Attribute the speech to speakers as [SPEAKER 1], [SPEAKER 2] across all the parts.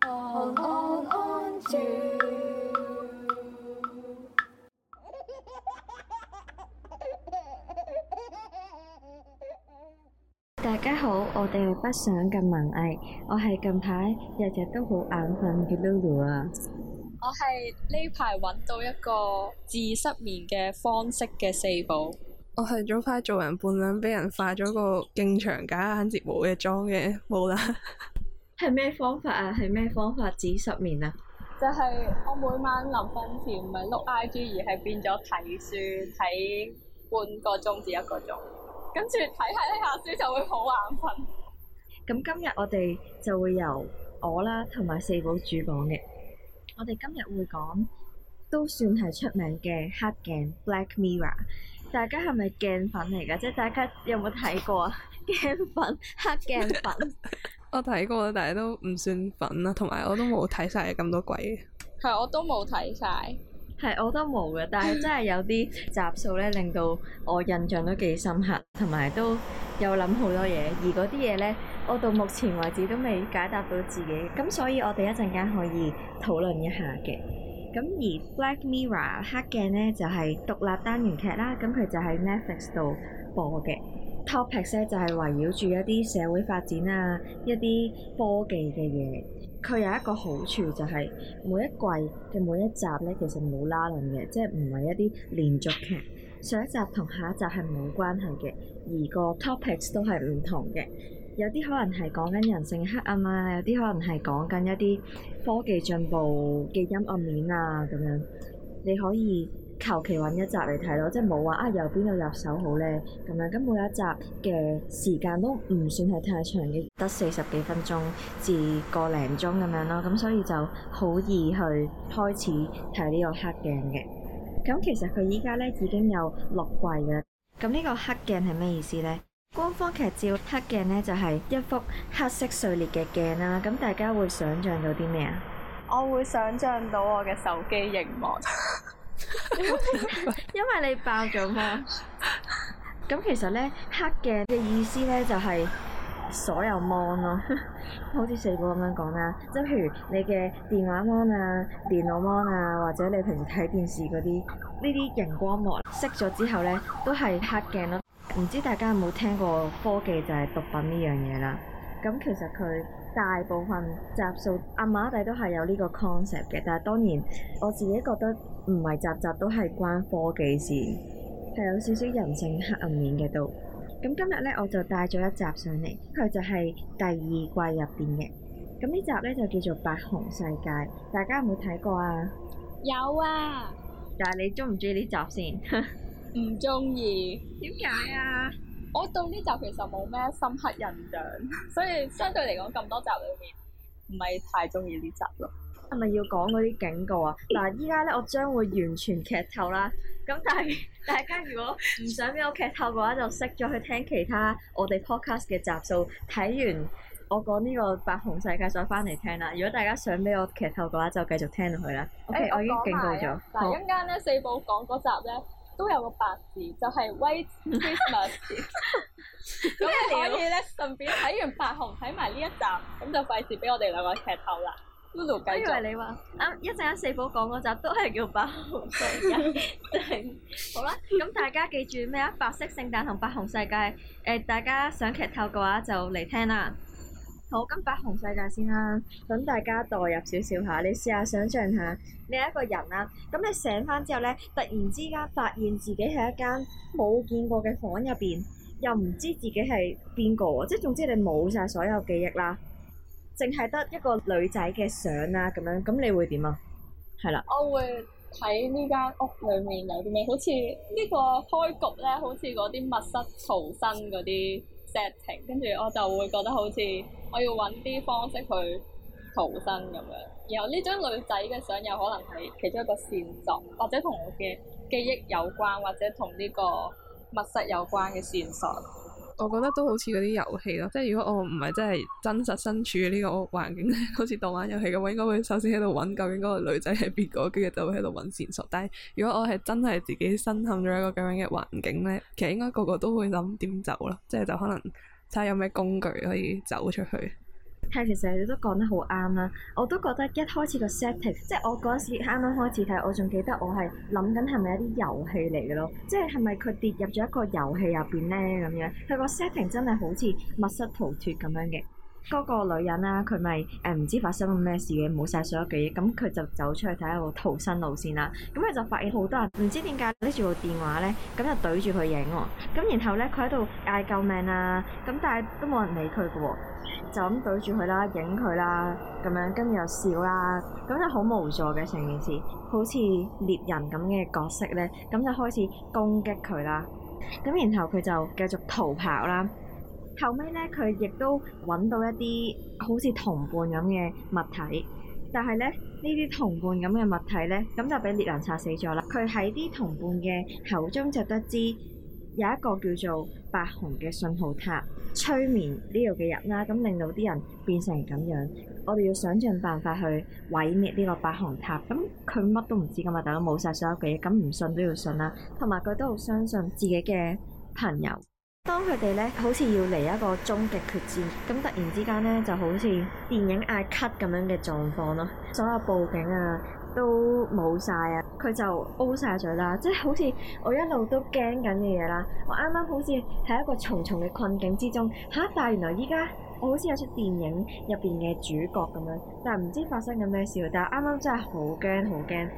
[SPEAKER 1] .大家好，我哋係北上嘅文藝，我係近排日日都好眼瞓嘅 Lulu 啊。
[SPEAKER 2] 我係呢排揾到一個治失眠嘅方式嘅四寶。
[SPEAKER 3] 我係早排做完伴娘，畀人化咗個勁長假眼睫毛嘅妝嘅，冇啦。係咩方法啊？係咩方法止失眠啊？
[SPEAKER 2] 就係我每晚臨瞓前唔係碌 IG 而係變咗睇書，睇半個鐘至一個鐘，跟住睇下呢下書就會好眼瞓。
[SPEAKER 1] 咁 今日我哋就會由我啦，同埋四寶主講嘅。
[SPEAKER 2] 我哋今日會講
[SPEAKER 1] 都算係出名嘅黑鏡 （Black Mirror）。大家係咪鏡粉嚟噶？即係大家有冇睇過啊？鏡粉、黑鏡粉。
[SPEAKER 3] 我睇過，但係都唔算粉啦，同埋我都冇睇晒咁多鬼。
[SPEAKER 2] 係，我都冇睇晒。
[SPEAKER 3] 係我都冇嘅，但係真係有啲集數咧，令到我印
[SPEAKER 1] 象都幾深刻，同埋都有諗好多嘢，而嗰啲嘢咧，我到目前為止都未解答到自己。咁所以，我哋一陣間可以討論一下嘅。咁而《Black Mirror》黑鏡咧，就係獨立單元劇啦，咁佢就喺 Netflix 度播嘅。topic 咧就係圍繞住一啲社會發展啊，一啲科技嘅嘢。佢有一個好處就係每一季嘅每一集咧，其實冇拉勻嘅，即係唔係一啲連續劇，上一集同下一集係冇關係嘅，而個 topics 都係唔同嘅。有啲可能係講緊人性黑暗啊，有啲可能係講緊一啲科技進步嘅陰暗面啊咁樣，你可以求其搵一集嚟睇咯，即係冇話啊，由邊度入手好咧咁樣。咁每一集嘅時間都唔算係太長嘅，得四十幾分鐘至個零鐘咁樣咯。咁所以就好易去開始睇呢個黑鏡嘅。咁其實佢依家咧已經有六季嘅。咁呢個黑鏡係咩意思呢？官方劇照黑鏡呢就係一幅黑色碎裂嘅鏡啦。咁大家會想象到啲咩啊？
[SPEAKER 2] 我會想象到我嘅手機熒幕。 因為你爆咗芒，
[SPEAKER 1] 咁 其實咧黑鏡嘅意思咧就係、是、所有芒 o 咯， 好似四寶咁樣講啦，即係譬如你嘅電話芒啊、電腦芒啊，或者你平時睇電視嗰啲呢啲熒光幕熄咗之後咧都係黑鏡咯。唔知大家有冇聽過科技就係毒品呢樣嘢啦？咁其實佢大部分集數阿馬底都係有呢個 concept 嘅，但係當然我自己覺得。唔係集集都係關科技事，係有少少人性黑暗面嘅都。咁今日咧，我就帶咗一集上嚟，佢就係第二季入邊嘅。咁呢集咧就叫做《白熊世界》，大家有冇睇過啊？有啊。但係你中唔中意呢集先？唔中意。
[SPEAKER 2] 點解啊？我到呢集其實冇咩深刻印象， 所以相對嚟講咁多集裏面，唔係太中意呢集咯。
[SPEAKER 1] 係咪要講嗰啲警告啊？嗱，依家咧我將會完全劇透啦。
[SPEAKER 2] 咁但係大家如果唔想俾我劇
[SPEAKER 1] 透嘅話，就熄咗去聽其他我哋 podcast 嘅集數。睇完我講呢個白熊世界再翻嚟聽啦。如果大家想俾我劇透嘅話，就繼續聽落去啦。OK，欸，我我已經警告咗。嗱，陣
[SPEAKER 2] 間咧四寶講嗰集咧都有個白字，就係 White Christmas。咁你可以咧，順便睇完白熊睇埋呢一集，咁就費事俾我哋兩個劇透啦。都 L 以為你話啱一陣間四寶講嗰集都
[SPEAKER 1] 係叫《白熊世界》，好啦。咁大家記住咩啊？白色聖誕同白熊世界，誒、呃、大家想劇透嘅話就嚟聽啦。好，咁白熊世界先啦。等 大家代入少少吓，你試下想像下，你係一個人啦。咁你醒返之後咧，突然之間發現自己喺一間冇見過嘅房入邊，又唔知自己係邊個喎，即係總之你冇晒所有記憶啦。淨係得一個女仔嘅相啊，咁樣咁你會點啊？係啦，
[SPEAKER 2] 我會睇呢間屋裡面有啲咩？好似呢個開局咧，好似嗰啲密室逃生嗰啲 setting，跟住我就會覺得好似我要揾啲方式去逃生咁樣。然後呢張女仔嘅相有可能係其中一個線索，或者同我嘅記憶有關，或者同呢個密室有關嘅線索。
[SPEAKER 3] 我覺得都好似嗰啲遊戲咯，即係如果我唔係真係真實身處呢個環境咧，好似當玩遊戲咁，我應該會首先喺度揾究竟嗰個女仔係邊個，跟住就會喺度揾線索。但係如果我係真係自己身陷咗一個咁樣嘅環境咧，其實應該個個都會諗點走囉，即係就可能睇下有咩工具可以走出去。
[SPEAKER 1] 係，其實你都講得好啱啦！我都覺得一開始個 setting，即係我嗰時啱啱開始睇，我仲記得我係諗緊係咪一啲遊戲嚟嘅咯，即係係咪佢跌入咗一個遊戲入邊咧咁樣？佢個 setting 真係好似密室逃脫咁樣嘅。嗰個女人啦、啊，佢咪誒唔知發生咗咩事嘅，冇晒所有記憶，咁佢就走出去睇下個逃生路線啦。咁佢就發現好多人唔知點解拎住部電話咧，咁就對住佢影喎。咁然後咧，佢喺度嗌救命啊！咁但係都冇人理佢嘅喎，就咁對住佢啦，影佢啦，咁樣跟住又笑啦，咁就好無助嘅成件事，好似獵人咁嘅角色咧，咁就開始攻擊佢啦。咁然後佢就繼續逃跑啦。後尾咧，佢亦都揾到一啲好似同伴咁嘅物體，但係咧，呢啲同伴咁嘅物體咧，咁就俾獵人殺死咗啦。佢喺啲同伴嘅口中就得知有一個叫做白熊嘅信號塔催眠呢度嘅人啦，咁令到啲人變成咁樣。我哋要想盡辦法去毀滅呢個白熊塔。咁佢乜都唔知噶嘛，但係冇晒所有嘅嘢。咁唔信都要信啦，同埋佢都好相信自己嘅朋友。當佢哋咧好似要嚟一個終極決戰，咁突然之間咧就好似電影嗌 cut 咁樣嘅狀況咯，所有布景啊都冇晒啊，佢就 O 晒嘴啦，即係好似我一路都驚緊嘅嘢啦，我啱啱好似喺一個重重嘅困境之中，吓，但係原來依家我好似有出電影入邊嘅主角咁樣，但係唔知發生緊咩事，但係啱啱真係好驚好驚，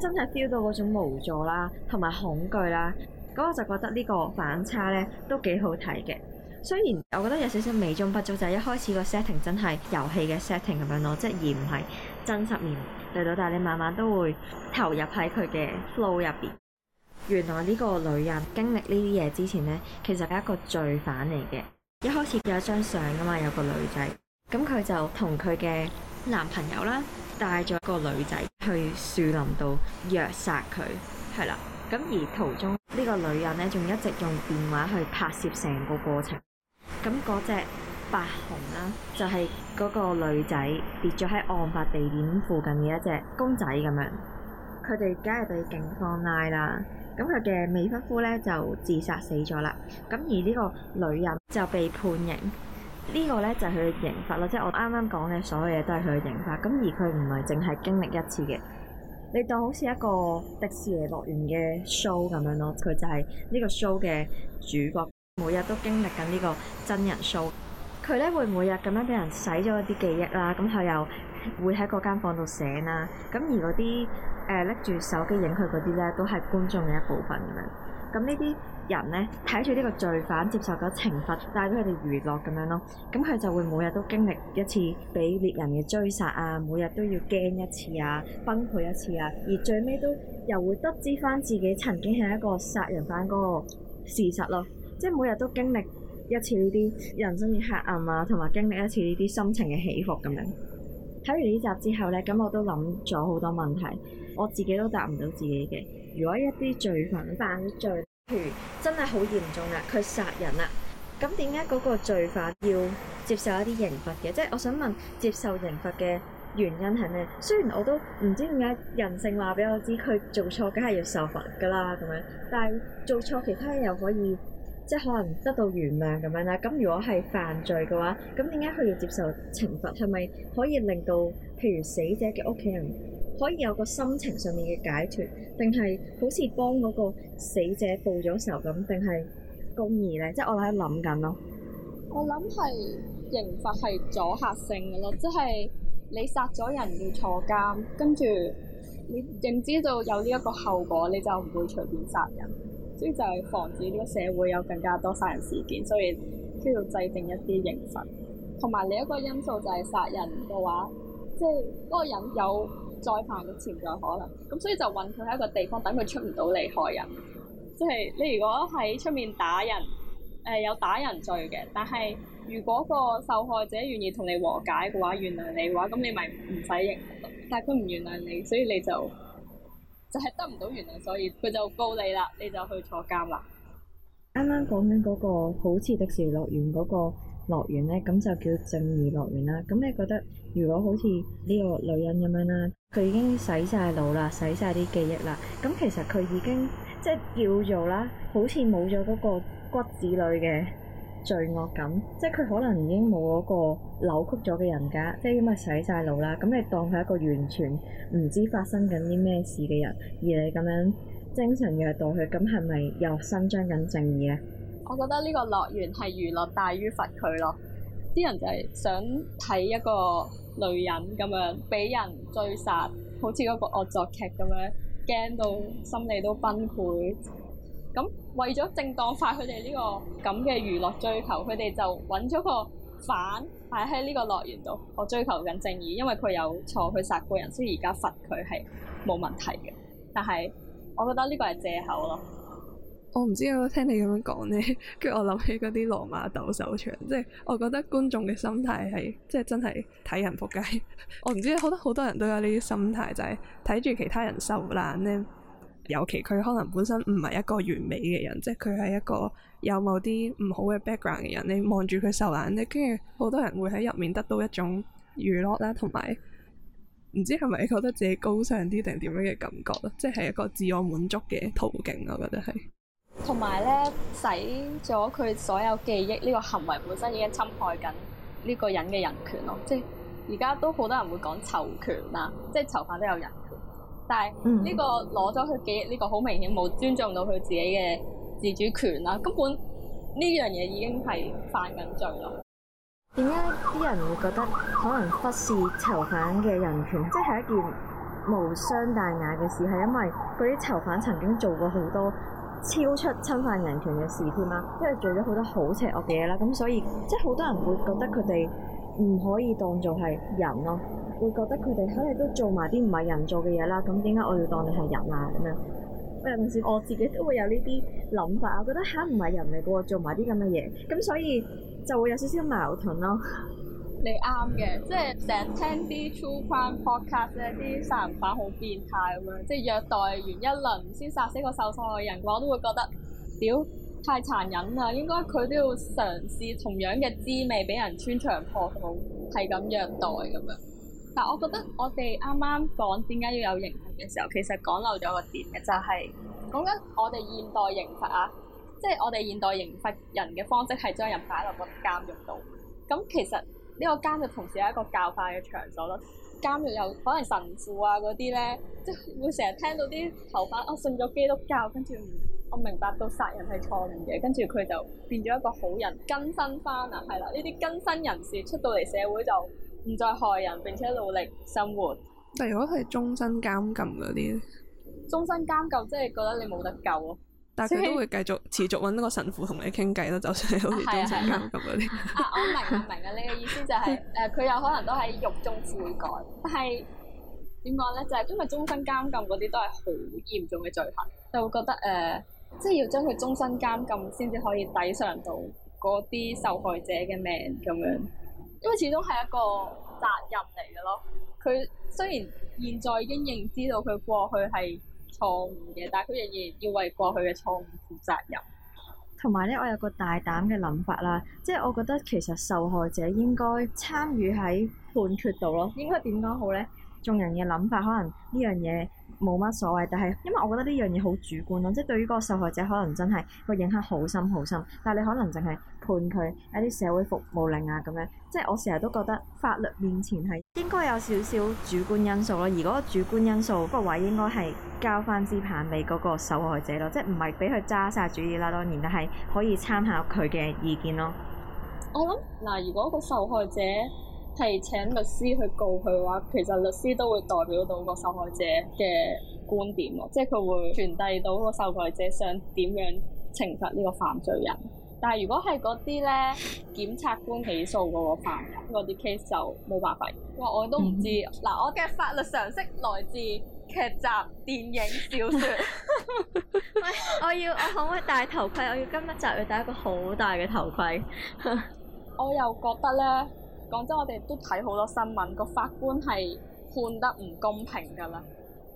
[SPEAKER 1] 真係 feel 到嗰種無助啦，同埋恐懼啦。我就覺得呢個反差呢都幾好睇嘅，雖然我覺得有少少美中不足，就係一開始個 setting 真係遊戲嘅 setting 咁樣咯，即係而唔係真實面對到，但係你慢慢都會投入喺佢嘅 flow 入邊。原來呢個女人經歷呢啲嘢之前呢，其實係一個罪犯嚟嘅。一開始有一張相噶嘛，有個女仔，咁佢就同佢嘅男朋友啦，帶咗個女仔去樹林度虐殺佢，係啦。咁而途中呢個女人呢，仲一直用電話去拍攝成個過程。咁嗰隻白熊啦，就係嗰個女仔跌咗喺案發地點附近嘅一隻公仔咁樣。佢哋梗係被警方拉啦。咁佢嘅未婚夫呢，就自殺死咗啦。咁而呢個女人就被判刑。呢個呢，就係佢嘅刑罰咯，即係我啱啱講嘅所有嘢都係佢嘅刑罰。咁而佢唔係淨係經歷一次嘅。你當好似一個迪士尼樂園嘅 show 咁樣咯，佢就係呢個 show 嘅主角，每日都經歷緊呢個真人 show。佢咧會每日咁樣俾人洗咗一啲記憶啦，咁佢又會喺嗰間房度醒啦。咁而嗰啲誒拎住手機影佢嗰啲咧，都係觀眾嘅一部分咁樣。咁呢啲人咧睇住呢個罪犯接受咗懲罰，帶俾佢哋娛樂咁樣咯。咁佢就會每日都經歷一次俾獵人嘅追殺啊，每日都要驚一次啊，崩潰一次啊。而最尾都又會得知翻自己曾經係一個殺人犯嗰個事實咯。即係每日都經歷一次呢啲人生嘅黑暗啊，同埋經歷一次呢啲心情嘅起伏咁樣。睇完呢集之後咧，咁我都諗咗好多問題，我自己都答唔到自己嘅。如果一啲罪犯犯咗罪，譬如真係好嚴重啦，佢殺人啦，咁點解嗰個罪犯要接受一啲刑罰嘅？即係我想問，接受刑罰嘅原因係咩？雖然我都唔知點解人性話俾我知佢做錯，梗係要受罰㗎啦，咁樣。但係做錯其他嘢又可以，即係可能得到原諒咁樣啦。咁如果係犯罪嘅話，咁點解佢要接受懲罰？係咪可以令到譬如死者嘅屋企人，可以有個心情上面嘅解脫，定係好似幫嗰個死者報咗仇咁，定係公義咧？即係我喺度諗緊咯。
[SPEAKER 2] 我諗係刑罰係阻嚇性嘅咯，即係你殺咗人要坐監，跟住你認知到有呢一個後果，你就唔會隨便殺人，所以就係防止呢個社會有更加多殺人事件。所以需要制定一啲刑罰，同埋另一個因素就係殺人嘅話，即係嗰個人有再犯嘅潛在可能，咁所以就困佢喺一個地方，等佢出唔到嚟害人。即係你如果喺出面打人，誒，呃，有打人罪嘅，但係如果個受害者願意同你和解嘅話，原諒你嘅話，咁你咪唔使認。但係佢唔原諒你，所以你就就係得唔到原諒，所以佢就告你啦，你就去坐監啦。啱啱
[SPEAKER 1] 講緊嗰個好似迪士尼樂園嗰個樂園咧，咁就叫正義樂園啦。咁你覺得？如果好似呢個女人咁樣啦，佢已經洗晒腦啦，洗晒啲記憶啦，咁其實佢已經即係叫做啦，好似冇咗嗰個骨子裏嘅罪惡感，即係佢可能已經冇嗰個扭曲咗嘅人格，即係因為洗晒腦啦，咁你當佢一個完全唔知發生緊啲咩事嘅人，而你咁樣精神虐待佢，咁係咪又伸張緊正義呢？
[SPEAKER 2] 我覺得呢個樂園係娛樂大於罰佢咯。啲人就係想睇一個女人咁樣俾人追殺，好似嗰個惡作劇咁樣，驚到心理都崩潰。咁為咗正當化佢哋呢個咁嘅娛樂追求，佢哋就揾咗個犯擺喺呢個樂園度。我追求緊正義，因為佢有錯去殺過人，所以而家罰佢係冇問題嘅。但係我覺得呢個係借口咯。
[SPEAKER 3] 我唔知我聽你咁樣講呢。跟住我諗起嗰啲羅馬鬥獸場，即係我覺得觀眾嘅心態係，即係真係睇人仆街。 我唔知好多好多人都有呢啲心態，就係睇住其他人受難呢。尤其佢可能本身唔係一個完美嘅人，即係佢係一個有某啲唔好嘅 background 嘅人，你望住佢受難呢，跟住好多人會喺入面得到一種娛樂啦，同埋唔知係咪覺得自己高尚啲定點樣嘅感覺咯？即係一個自我滿足嘅途徑，我覺得係。
[SPEAKER 2] 同埋咧，洗咗佢所有記憶，呢個行為本身已經侵害緊呢個人嘅人權咯。即係而家都好多人會講囚權啦，即係囚犯都有人權，但係呢個攞咗佢記憶，呢個好明顯冇尊重到佢自己嘅自主權啦。根本呢樣嘢已經係犯緊罪咯。
[SPEAKER 1] 點解啲人會覺得可能忽視囚犯嘅人權，即係一件無傷大雅嘅事？係因為嗰啲囚犯曾經做過好多，超出侵犯人權嘅事添啦，即係做咗好多好邪惡嘅嘢啦，咁所以即係好多人會覺得佢哋唔可以當做係人咯，會覺得佢哋可能都做埋啲唔係人做嘅嘢啦，咁點解我要當你係人啊？咁樣，有陣時我自己都會有呢啲諗法啊，我覺得吓唔係人嚟嘅，做埋啲咁嘅嘢，咁所以就會有少少矛盾咯。
[SPEAKER 2] 你啱嘅，即係成日聽啲 True Crime Podcast 咧，啲殺人犯好變態咁、啊、樣，即係虐待完一輪先殺死個受害嘅人嘅話，我都會覺得屌太殘忍啦。應該佢都要嘗試同樣嘅滋味，俾人穿腸破肚，係咁虐待咁樣。但係我覺得我哋啱啱講點解要有刑罰嘅時候，其實講漏咗個點嘅，就係講緊我哋現代刑罰啊，即係我哋現代刑罰人嘅方式係將人擺落個監獄度。咁其實。呢個監獄同時係一個教化嘅場所咯，監獄又可能神父啊嗰啲咧，即係會成日聽到啲囚犯啊信咗基督教，跟住我明白到殺人係錯誤嘅，跟住佢就變咗一個好人，更生翻啊，係啦，呢啲更生人士出到嚟社會就唔再害人，並且努力生活。
[SPEAKER 3] 但如果係終身監禁嗰啲咧，
[SPEAKER 2] 終身監禁即係覺得你冇得救啊！
[SPEAKER 3] 但佢都會繼續持續揾個神父同你傾偈咯，啊、就算係好似終身監禁嗰啲。啊，
[SPEAKER 2] 我明啊明啊！你嘅意思就係、是、誒，佢、 呃、有可能都喺獄中悔改，但係點講咧？就係、是、因為終身監禁嗰啲都係好嚴重嘅罪行，就會覺得誒，即、呃、係、就是、要將佢終身監禁先至可以抵償到嗰啲受害者嘅命咁樣。因為始終係一個責任嚟嘅咯。佢雖然現在已經認知到佢過去係錯誤嘅，但係佢仍然要為過去嘅錯誤負責任。
[SPEAKER 1] 同埋咧，我有個大膽嘅諗法啦，即係我覺得其實受害者應該參與喺判決度咯。應該點講好咧？眾人嘅諗法可能呢樣嘢。冇乜所謂，但係因為我覺得呢樣嘢好主觀咯，即係對於個受害者可能真係個影響好深好深，但係你可能淨係判佢一啲社會服務令啊咁樣，即係我成日都覺得法律面前係應該有少少主觀因素咯，如果主觀因素個位應該係交翻支棒俾嗰個受害者咯，即係唔係俾佢揸晒主意啦當然，但係可以參考佢嘅意見咯。
[SPEAKER 2] 我諗嗱，如果個受害者，提請律師去告佢嘅話，其實律師都會代表到個受害者嘅觀點咯，即係佢會傳遞到個受害者想點樣懲罰呢個犯罪人。但係如果係嗰啲咧檢察官起訴嗰個犯人嗰啲 case 就冇辦法。哇！我都唔知嗱、嗯，我嘅法律常識來自劇集、電
[SPEAKER 3] 影、小說。
[SPEAKER 2] 我要我可唔可以戴頭盔？我要今日就要戴一個好大嘅頭盔。 我又覺得咧。講真，我哋都睇好多新聞。個法官係判得唔公平噶啦，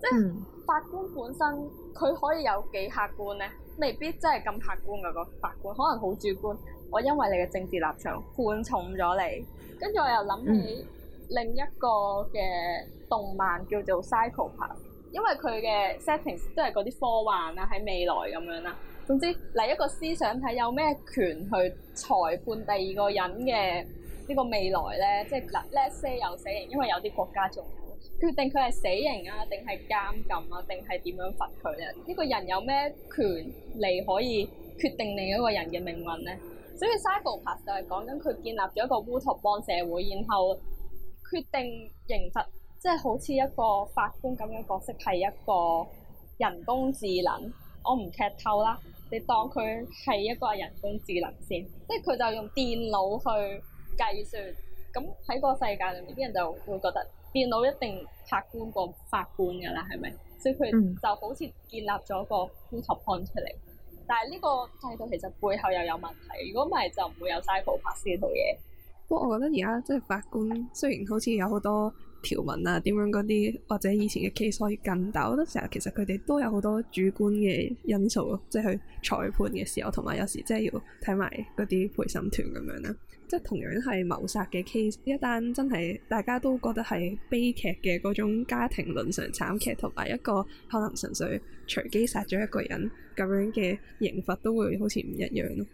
[SPEAKER 2] 即係、嗯、法官本身佢可以有幾客觀呢？未必真係咁客觀噶、個法官，可能好主觀。我因為你嘅政治立場判重咗你。跟住我又諗起另一個嘅動漫叫做《Psycho-Pass》，因為佢嘅 setting 都係嗰啲科幻啦，喺未來咁樣啦。總之，嚟一個思想睇有咩權去裁判第二個人嘅。呢個未來呢，即係嗱，let's say 有死刑，因為有啲國家仲有決定佢係死刑啊，定係監禁啊，定係點樣罰佢呢？呢、呢個人有咩權利可以決定另一個人嘅命運呢？所以《Psycho-Pass》就係講緊佢建立咗一個烏托邦社會，然後決定刑罰，即係好似一個法官咁樣角色係一個人工智能。我唔劇透啦，你當佢係一個人工智能先，即係佢就用電腦去計算咁喺個世界裏面，啲人就會覺得電腦一定客觀過法官嘅啦，係咪？所以佢就好似建立咗個 p r 判出嚟。但係呢個制度其實背後又有問題。如果唔係，就唔會有 Psycho-Pass 呢套嘢。
[SPEAKER 3] 不過我覺得而家即係法官，雖然好似有好多條文啊、點樣嗰啲，或者以前嘅 case 可以跟，但係好多時候其實佢哋都有好多主觀嘅因素，即係去裁判嘅時候，同埋有時即係要睇埋嗰啲陪審團咁樣啦。即係同樣係謀殺嘅 case，一單真係大家都覺得係悲劇嘅嗰種家庭倫常慘劇，同埋一個可能純粹隨機殺咗一個人咁樣嘅刑罰都會好似唔一樣咯。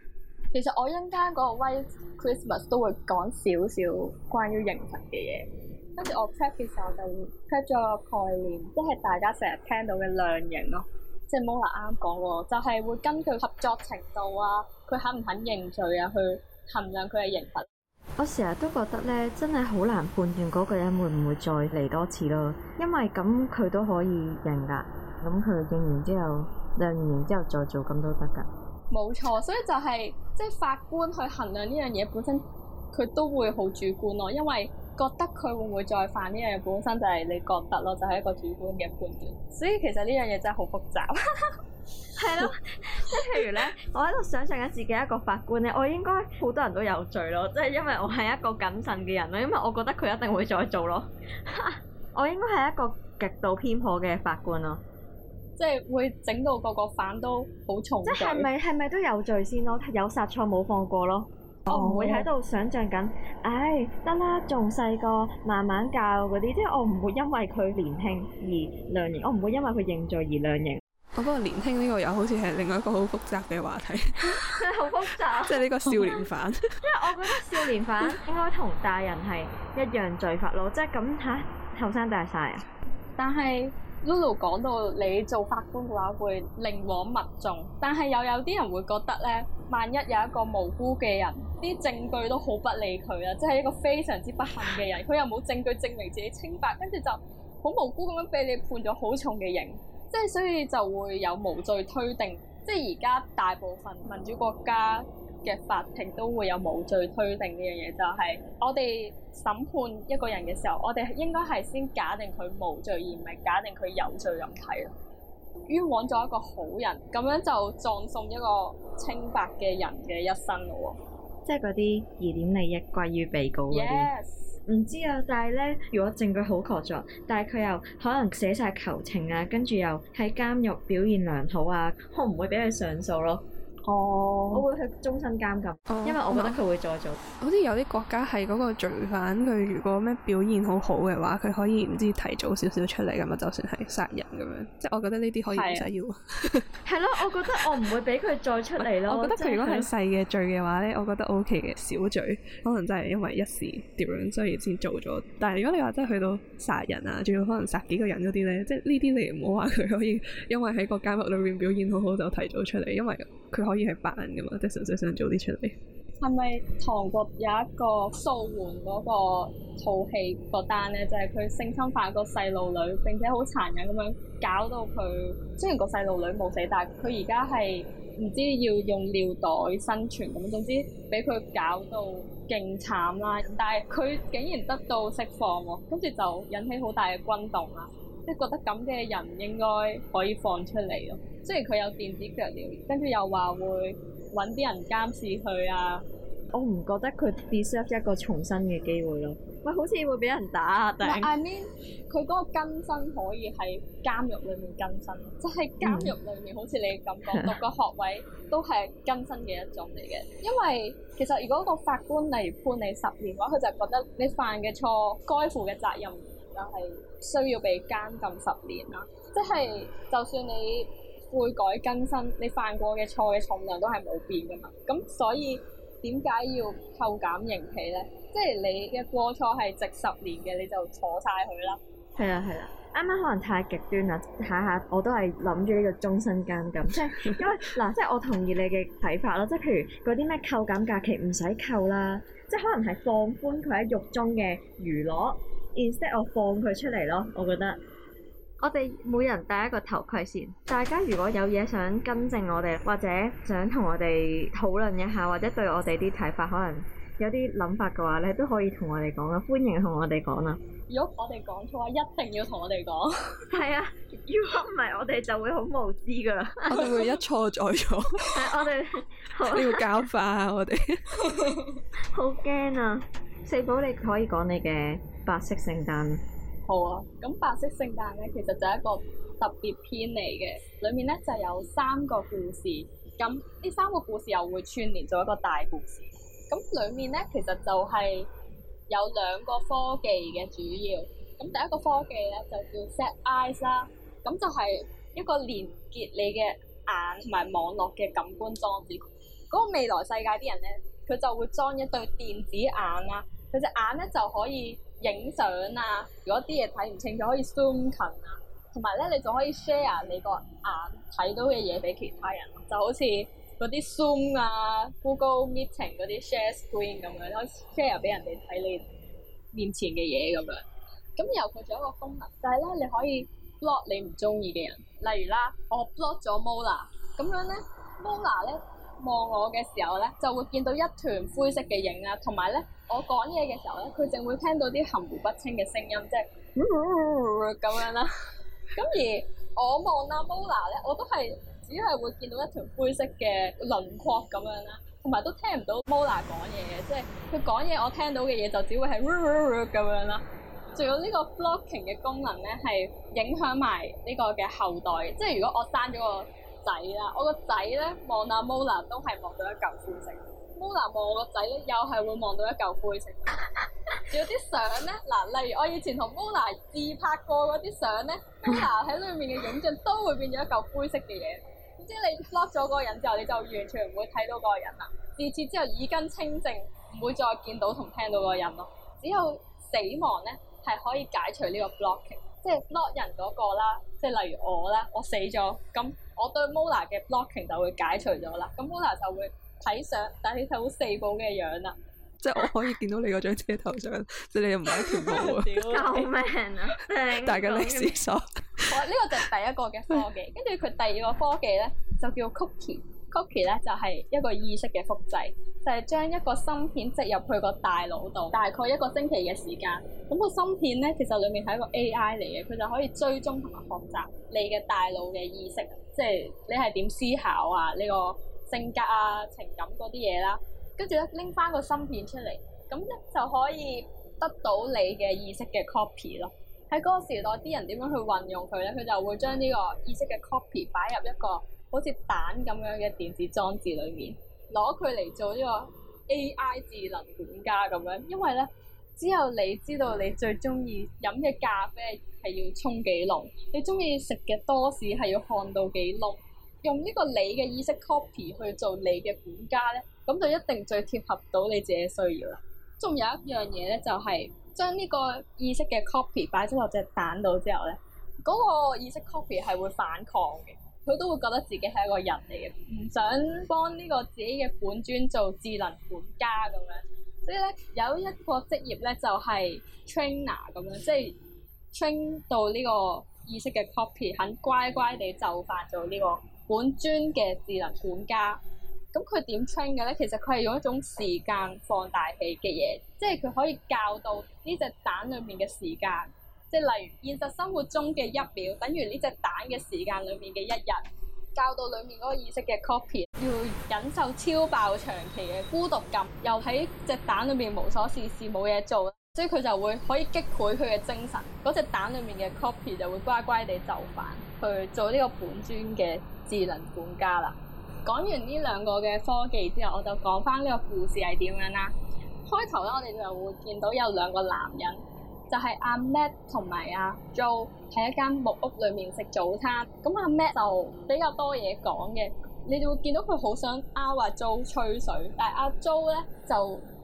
[SPEAKER 2] 其實我一陣間嗰個 White Christmas 都會講少少關於刑罰嘅嘢，跟住我 check 嘅時候就 check 咗個概念，即係大家成日聽到嘅量刑咯。即係冇啦啱講喎，就係、是、會根據合作程度啊，佢肯唔肯認罪啊去衡量佢嘅刑罰，
[SPEAKER 1] 我成日都覺得咧，真係好難判斷嗰個人會唔會再嚟多次咯。因為咁佢都可以認噶，咁佢認完之後，認完之後再做咁都得噶。
[SPEAKER 2] 冇錯，所以就係即係法官去衡量呢樣嘢本身，佢都會好主觀咯。因為覺得佢會唔會再犯呢樣嘢，本身就係你覺得咯，就係一個主觀嘅判斷。所以其實呢樣嘢真係好複雜。
[SPEAKER 1] 係咯，即係譬如咧，我喺度想象緊自己一個法官咧，我應該好多人都有罪咯，即係因為我係一個謹慎嘅人啦，因為我覺得佢一定會再做咯，
[SPEAKER 2] 我應該係一個
[SPEAKER 1] 極度偏頗嘅法官咯，
[SPEAKER 2] 即係會整到個個犯都好
[SPEAKER 1] 重。即係咪係
[SPEAKER 2] 咪都有罪先
[SPEAKER 1] 咯？有殺錯冇放過咯？
[SPEAKER 2] 哦啊、我唔會喺度
[SPEAKER 1] 想象緊，唉，得啦，仲細個慢慢教嗰啲，即係我唔會因為佢年輕而量刑，我唔會因為佢認罪
[SPEAKER 3] 而量刑。嗰個年輕呢個又好似係另外一個好複雜嘅話題，
[SPEAKER 1] 好複雜，即係呢個少年犯。因為我覺得少年犯應該同大人係一樣罪罰咯，即係咁嚇後生大晒。啊！
[SPEAKER 2] 但係 Lulu 講到你做法官嘅話，會寧枉毋縱，但係又有啲人會覺得咧，萬一有一個無辜嘅人，啲證據都好不利佢啦，即係一個非常之不幸嘅人，佢又冇證據證明自己清白，跟住就好無辜咁樣俾你判咗好重嘅刑。即係所以就會有無罪推定，即係而家大部分民主國家嘅法庭都會有無罪推定呢樣嘢，就係、是、我哋審判一個人嘅時候，我哋應該係先假定佢無罪，而唔係假定佢有罪咁睇咯。冤枉咗一個好人，咁樣就葬送一個清白嘅人嘅一生咯。
[SPEAKER 1] 即係嗰啲疑點利益歸於被告嗰啲。Yes. 唔知啊，但係咧，如果證據好確鑿，但係佢又可能寫晒求情啊，跟住又喺監獄表現良好啊，我唔會畀佢上訴咯。哦，oh。我會去終
[SPEAKER 3] 身監禁，oh。因為我覺得佢會再做。好似有啲國家係嗰個罪犯，佢如果咩表現好好嘅話，佢可以唔知提早少少出嚟㗎嘛，就算係殺人咁樣。即係我覺得呢啲可以唔使要。係咯， 我覺得我唔會俾佢再出嚟咯。我覺得佢如果係細嘅罪嘅話咧，我覺得 O K 嘅小罪，可能真係因為一時點樣，所以先做咗。但係如果你話真係去到殺人啊，仲要可能殺幾個人嗰啲咧，即係呢啲你唔好話佢可以因為喺個監獄裡面表現好好就提早出嚟，因為。佢可以係扮噶嘛，即係實際上想早啲出嚟。
[SPEAKER 2] 係咪韓國有一個素媛嗰個套戲嗰單咧？就係佢性侵犯個細路女，並且好殘忍咁樣，搞到佢雖然個細路女冇死，但係佢而家係唔知要用尿袋生存咁。總之俾佢搞到勁慘啦，但係佢竟然得到釋放喎，跟住就引起好大嘅轟動啦。即係覺得咁嘅人應該可以放出嚟咯，雖然佢有電子腳鐐，跟住又話會揾啲人監視佢啊。
[SPEAKER 1] 我唔覺得佢 deserve 一個重新嘅機會咯。
[SPEAKER 2] 喂，好似會俾人打，但係 I mean，佢嗰個更新可以喺監獄裏面更新，就係、是、監獄裏面、嗯、好似你咁講讀個學位都係更新嘅一種嚟嘅。因為其實如果個法官嚟判你十年嘅話，佢就覺得你犯嘅錯該負嘅責任。又係需要被監禁十年啦，即係就算你悔改更新，你犯過嘅錯嘅重量都係冇變噶嘛？咁所以點解要扣減刑期呢？即係你嘅過錯係值十年嘅，你就坐晒佢啦。
[SPEAKER 1] 係啊係啊，啱啱可能太極端啦，睇下我都係諗住呢個終身監禁，即係 因為嗱，即係我同意你嘅睇法啦，即係譬如嗰啲咩扣減假期唔使扣啦，即係可能係放寬佢喺獄中嘅娛樂。instead 我放佢出嚟咯，我覺得。 我哋每人戴一個頭盔先。大家如果有嘢想更正我哋，或者想同我哋討論一下，或者對我哋啲睇法可能有啲諗法嘅話咧，都可以同我哋講啊，歡迎同我哋講 啊。如
[SPEAKER 2] 果我哋講錯， 一定要同我哋講。 係 啊，如果唔係，我哋就會好無知噶。我哋會
[SPEAKER 1] 一錯再錯。
[SPEAKER 2] 係我哋。你要教
[SPEAKER 1] 化啊，我哋。好驚啊！四寶，你可以講你嘅白色聖誕。
[SPEAKER 2] 好啊，咁白色聖誕咧，其實就係一個特別篇嚟嘅，裏面咧就有三個故事，咁呢三個故事又會串連咗一個大故事。咁裏面咧，其實就係有兩個科技嘅主要。咁第一個科技咧就叫 Set Eyes 啦，咁就係一個連結你嘅眼同埋網絡嘅感官裝置。嗰個未來世界啲人咧，佢就會裝一對電子眼啦、啊。佢隻眼咧就可以影相啊！如果啲嘢睇唔清楚，可以 zoom 近啊。同埋咧，你就可以 share 你個眼睇到嘅嘢俾其他人，就好似嗰啲 zoom 啊、Google Meeting 嗰啲 share screen 咁樣，share 俾人哋睇你面前嘅嘢咁樣。咁由佢仲有一個功能，就係咧，你可以 block 你唔中意嘅人，例如啦，我 block 咗 Mona，咁樣咧，Mona 咧望我嘅時候咧，就會見到一團灰色嘅影啊。同埋咧。我講嘢嘅時候咧，佢淨會聽到啲含糊不清嘅聲音，即係咁樣啦。咁 而我望阿 Mona 咧，我都係只係會見到一條灰色嘅輪廓咁樣啦，同埋都聽唔到 Mona 講嘢嘅，即係佢講嘢我聽到嘅嘢就只會係咁樣啦。仲有呢個 blocking 嘅功能咧，係影響埋呢個嘅後代，即係如果我生咗個仔啦，我個仔咧望阿 Mona 都係望到一嚿灰色。Mona 望我個仔咧，又係會望到一嚿灰色。仲 有啲相咧，嗱，例如我以前同 Mona 自拍過嗰啲相咧，Mona 喺裏面嘅影像都會變咗一嚿灰色嘅嘢。即係你 block 咗嗰個人之後，你就完全唔會睇到嗰個人啦。自此之後耳根清淨，唔會再見到同聽到嗰個人咯。只有死亡咧係可以解除呢個 blocking，即係 block 人嗰個啦。即係例如我啦，我死咗，咁我對 Mona 嘅 blocking 就會解除咗啦。咁 Mona 就會。睇相，但係睇好四部嘅樣啦。
[SPEAKER 3] 即係我可以見到你嗰張車頭相， 即係你又唔戴條帽啊！救命
[SPEAKER 2] 啊！大家歷史所，呢個就第一個嘅科技。跟住佢第二個科技咧，就叫 cookie。cookie 咧就係、是、一個意識嘅複製，就係、是、將一個芯片植入去個大腦度，大概一個星期嘅時間。咁個芯片咧，其實裏面係一個 AI 嚟嘅，佢就可以追蹤學習你嘅大腦嘅意識，即係你係點思考啊呢個。性格啊、情感嗰啲嘢啦，跟住咧拎翻個芯片出嚟，咁咧就可以得到你嘅意識嘅 copy 咯。喺嗰個時代，啲人點樣去運用佢咧？佢就會將呢個意識嘅 copy 擺入一個好似蛋咁樣嘅電子裝置裏面，攞佢嚟做呢個 AI 智能管家咁樣，因為咧，只有你知道你最中意飲嘅咖啡係要沖幾濃，你中意食嘅多士係要看到幾濃。用呢個你嘅意識 copy 去做你嘅管家咧，咁就一定最貼合到你自己嘅需要啦。仲有一樣嘢咧，就係、是、將呢個意識嘅 copy 擺咗落隻蛋度之後咧，嗰、那個意識 copy 係會反抗嘅，佢都會覺得自己係一個人嚟嘅，唔想幫呢個自己嘅本尊做智能管家咁樣。所以咧有一個職業咧就係、是、trainer 咁樣，即、就、係、是、train 到呢個意識嘅 copy 肯乖乖地就法做呢、這個本尊嘅智能管家，咁佢點 train 嘅咧？其實佢係用一種時間放大器嘅嘢，即係佢可以教到呢隻蛋裏面嘅時間，即係例如現實生活中嘅一秒，等於呢隻蛋嘅時間裏面嘅一日，教到裏面個意識嘅 copy 要忍受超爆長期嘅孤獨感，又喺隻蛋裏面無所事事冇嘢做。所以佢就會可以擊潰佢嘅精神，嗰隻蛋裏面嘅 copy 就會乖乖地就範，去做呢個本尊嘅智能管家啦。講完呢兩個嘅科技之後，我就講翻呢個故事係點樣啦。開頭啦，我哋就會見到有兩個男人，就係阿 Matt 同埋阿 Joe 喺一間木屋裏面食早餐。咁阿 Matt 就比較多嘢講嘅。你哋會見到佢好想啊，阿 Joe 吹水，但係阿 Joe 咧就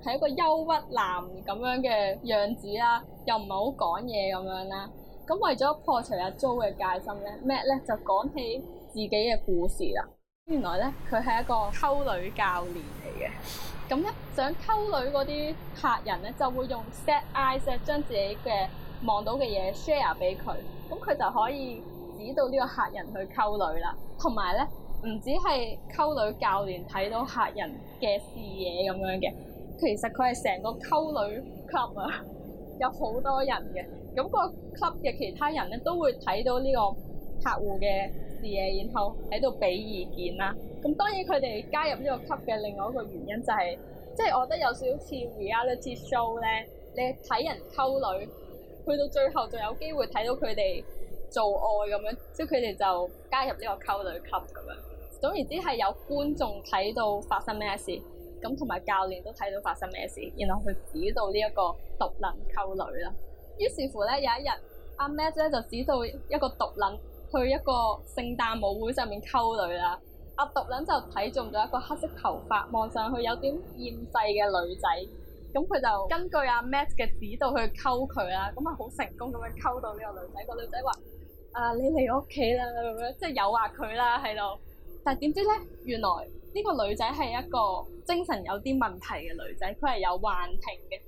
[SPEAKER 2] 係、是、一個憂鬱男咁樣嘅樣子啦，又唔係好講嘢咁樣啦。咁為咗破除阿 Joe 嘅戒心咧 Matt 咧就講起自己嘅故事啦。原來咧佢係一個溝女教練嚟嘅，咁咧想溝女嗰啲客人咧就會用 set eyes 將自己嘅望到嘅嘢 share 俾佢，咁佢就可以指導呢個客人去溝女啦，同埋咧。唔止係溝女教練睇到客人嘅視野咁樣嘅，其實佢係成個溝女 club 啊，有好多人嘅。咁、那個 club 嘅其他人咧都會睇到呢個客戶嘅視野，然後喺度俾意見啦。咁當然佢哋加入呢個 club 嘅另外一個原因就係、是，即、就、係、是、我覺得有少少似 reality show 咧，你睇人溝女，去到最後仲有機會睇到佢哋做愛咁樣，即係佢哋就加入呢個溝女 club 咁樣。總而言之，係有觀眾睇到發生咩事，咁同埋教練都睇到發生咩事，然後佢指導呢一個毒撚溝女啦。於是乎咧，有一日，阿 Matt 咧就指導一個毒撚去一個聖誕舞會上面溝女啦。阿毒撚就睇中咗一個黑色頭髮，望上去有啲厭世嘅女仔。咁佢就根據阿、啊、Matt 嘅指導去溝佢啦。咁啊，好成功咁樣溝到呢個女仔。個女仔話，啊，你嚟我屋企啦！咁、就、樣、是，即係誘惑佢啦，喺度。但係點知咧？原來呢個女仔係一個精神有啲問題嘅女仔，佢係有幻聽嘅。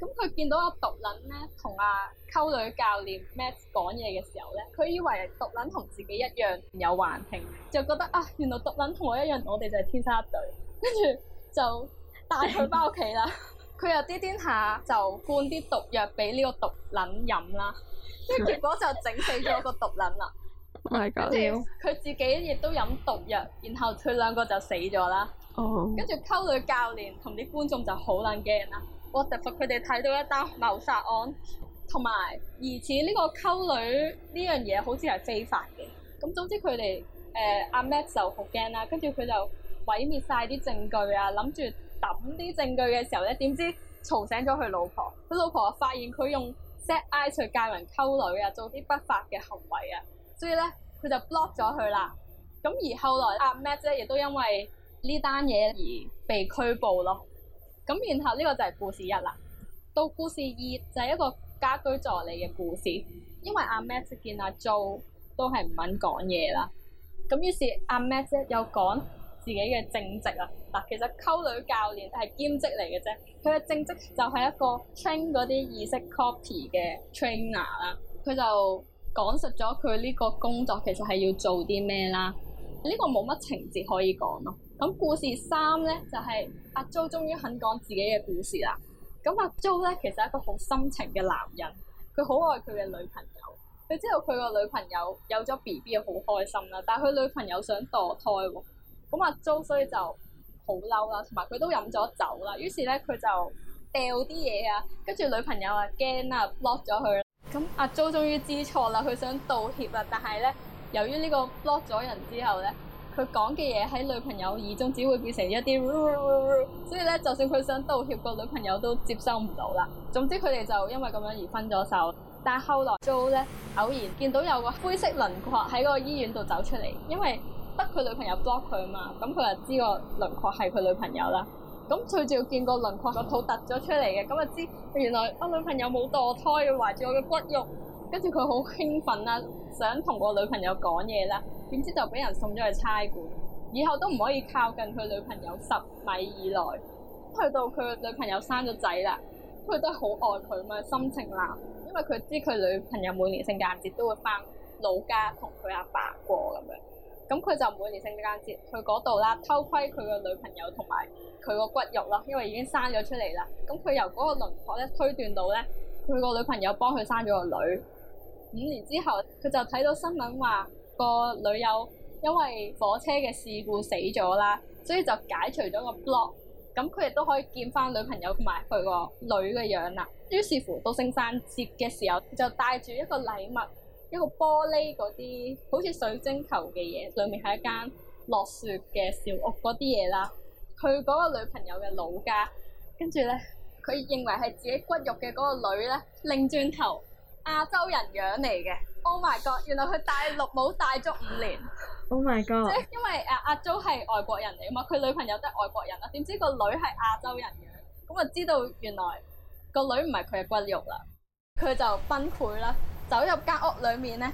[SPEAKER 2] 咁佢見到阿毒撚咧同阿溝女教練 Max 講嘢嘅時候咧，佢以為毒撚同自己一樣有幻聽，就覺得啊，原來毒撚同我一樣，我哋就係天生一對。跟住就帶佢翻屋企啦。佢又啲啲下就灌啲毒藥俾呢個毒撚飲啦，即係結果就整死咗個毒撚啦。
[SPEAKER 3] 太搞了！
[SPEAKER 2] 佢自己亦都飲毒藥，然後佢兩個就死咗啦。哦，跟住溝女教練同啲觀眾就好撚驚啦。我特服佢哋睇到一單謀殺案，同埋疑似呢個溝女呢樣嘢好似係非法嘅。咁總之佢哋誒阿 Max 就好驚啦，跟住佢就毀滅晒啲證據啊，諗住抌啲證據嘅時候咧，點知嘈醒咗佢老婆。佢老婆發現佢用 Z-Eye 去教人溝女啊，做啲不法嘅行為啊。所以咧，佢就 block 咗佢啦。咁而後來阿、啊、Matt 咧，亦都因為呢單嘢而被拘捕咯。咁然後呢、這個就係故事一啦。到故事二就係、是、一個家居助理嘅故事，因為阿、啊、Matt 見阿、啊、Joe 都係唔肯講嘢啦。咁於是阿、啊、Matt 又講自己嘅正職啦。嗱，其實溝女教練係兼職嚟嘅啫，佢嘅正職就係一個 train 嗰啲意識 copy 嘅 trainer 啦。佢就～講述咗佢呢個工作其實係要做啲咩啦？呢、這個冇乜情節可以講咯。咁故事三呢，就係阿 Joe 終於肯講自己嘅故事啦。咁阿 Joe 咧其實係一個好深情嘅男人，佢好愛佢嘅女朋友。佢知道佢個女朋友有咗 BB 好開心啦。但係佢女朋友想墮胎喎，咁阿 Joe 所以就好嬲啦，同埋佢都飲咗酒啦。於是呢，佢就掉啲嘢啊，跟住女朋友啊驚啊 block 咗佢。咁阿 Jo 終於知錯啦，佢想道歉啦，但係咧，由於呢個 block 咗人之後咧，佢講嘅嘢喺女朋友耳中只會變成一啲、呃呃呃，所以咧，就算佢想道歉，個女朋友都接收唔到啦。總之佢哋就因為咁樣而分咗手。但係後來 Jo 咧偶然見到有個灰色輪廓喺個醫院度走出嚟，因為得佢女朋友 block 佢啊嘛，咁佢就知個輪廓係佢女朋友啦。咁佢就見個輪廓個肚突咗出嚟嘅，咁啊，知原來我女朋友冇墮胎，懷住我嘅骨肉，跟住佢好興奮啦，想同我女朋友講嘢啦，點知就俾人送咗去差館，以後都唔可以靠近佢女朋友十米以內。去到佢女朋友生咗仔啦，佢都係好愛佢嘛，心情啦，因為佢知佢女朋友每年聖誕節都會翻老家同佢阿爸過咁樣。咁佢就每年聖誕節，去嗰度啦，偷窺佢個女朋友同埋佢個骨肉啦，因為已經生咗出嚟啦。咁佢由嗰個輪廓咧推斷到咧，佢個女朋友幫佢生咗個女。五年之後，佢就睇到新聞話個女友因為火車嘅事故死咗啦，所以就解除咗個 block。咁佢亦都可以見翻女朋友同埋佢個女嘅樣啦。於是乎到聖誕節嘅時候，佢就帶住一個禮物。一個玻璃嗰啲好似水晶球嘅嘢，裏面係一間落雪嘅小屋嗰啲嘢啦。佢嗰個女朋友嘅老家，跟住咧，佢認為係自己骨肉嘅嗰個女咧，擰轉頭亞洲人樣嚟嘅。Oh my god！原來佢大陸冇待足五年。
[SPEAKER 1] Oh my god！即係
[SPEAKER 2] 因為誒，阿、啊、Joe 係外國人嚟啊嘛，佢女朋友都係外國人啊，點知個女係亞洲人樣？咁啊，知道原來個女唔係佢嘅骨肉啦，佢就崩潰啦。走入間屋裏面咧，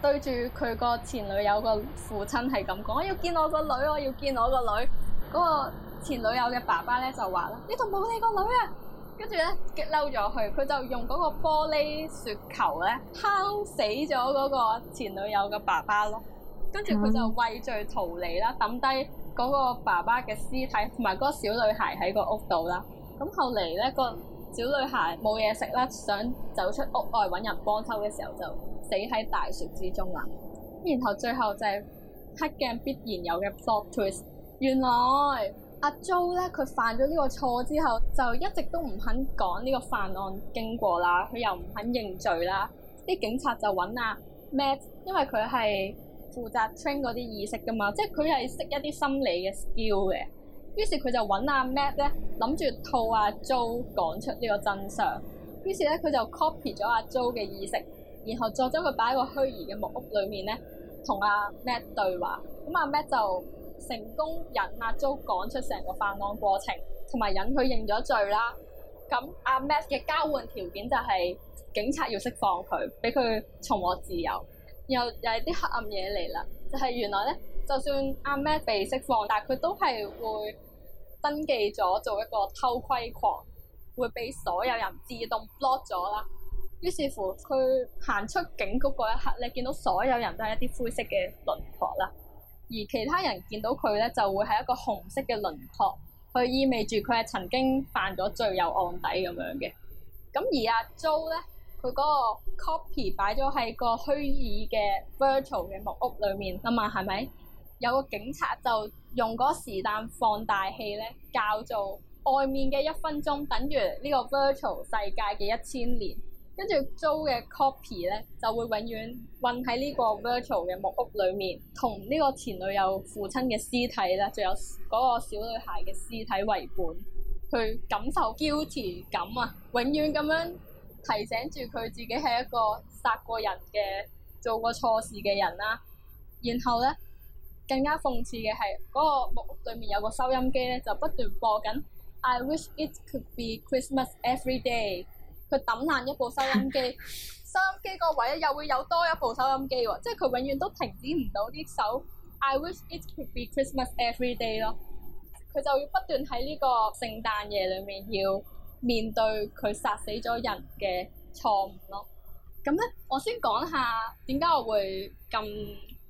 [SPEAKER 2] 對住佢個前女友個父親係咁講：我要見我個女，我要見我個女。嗰個前女友嘅爸爸咧就話啦：呢度冇你個女啊！跟住咧激嬲咗佢，佢就用嗰個玻璃雪球咧鏗死咗嗰個前女友嘅爸爸咯。跟住佢就畏罪逃離啦，抌低嗰個爸爸嘅屍體同埋嗰小女孩喺個屋度啦。咁後嚟咧個。小女孩冇嘢食啦，想走出屋外揾人幫手嘅時候就死喺大雪之中啦。咁然後最後就係黑鏡必然有嘅 plot twist，原來阿 Joe 咧佢犯咗呢個錯之後，就一直都唔肯講呢個犯案經過啦，佢又唔肯認罪啦。啲警察就揾阿 Matt，因為佢係負責 train 嗰啲意識噶嘛，即係佢係識一啲心理嘅 skill 嘅。於是佢就揾阿、啊、Matt 咧，諗住套阿 Jo 講出呢個真相。於是咧，佢就 copy 咗阿、啊、Jo 嘅意識，然後再將佢擺喺個虛擬嘅木屋裏面咧，同阿、啊、Matt 對話。咁阿、啊、Matt 就成功引阿、啊、Jo 講出成個犯案過程，同埋引佢認咗罪啦。咁阿、啊、Matt 嘅交換條件就係警察要釋放佢，俾佢重獲自由。然後又係啲黑暗嘢嚟啦，就係、是、原來咧，就算阿、啊、Matt 被釋放，但係佢都係會。登記咗做一個偷窺狂，會被所有人自動 block 咗啦。於是乎，佢行出警局嗰一刻，你見到所有人都係一啲灰色嘅輪廓啦。而其他人見到佢咧，就會係一個紅色嘅輪廓，去意味住佢係曾經犯咗罪有案底咁樣嘅。咁而阿 Jo 咧，佢嗰個 copy 擺咗喺個虛擬嘅 virtual 嘅木屋裏面啊嘛，係咪？是有個警察就用嗰時彈放大器呢，叫做外面嘅一分鐘等於呢個 virtual 世界嘅一千年。跟住 Joe 嘅 copy 咧，就會永遠困喺呢個 virtual 嘅木屋裏面，同呢個前女友父親嘅屍體啦，仲有嗰個小女孩嘅屍體為伴，去感受 guilty 感啊，永遠咁樣提醒住佢自己係一個殺過人嘅做過錯事嘅人啦、啊。然後咧。更加諷刺嘅係，嗰個木屋裏面有個收音機咧，就不斷播緊《I Wish It Could Be Christmas Every Day》。佢抌爛一部收音機，收音機個位又會有多一部收音機喎，即係佢永遠都停止唔到呢首《I Wish It Could Be Christmas Every Day》咯。佢就要不斷喺呢個聖誕夜裏面要面對佢殺死咗人嘅錯誤咯。咁咧，我先講下點解我會咁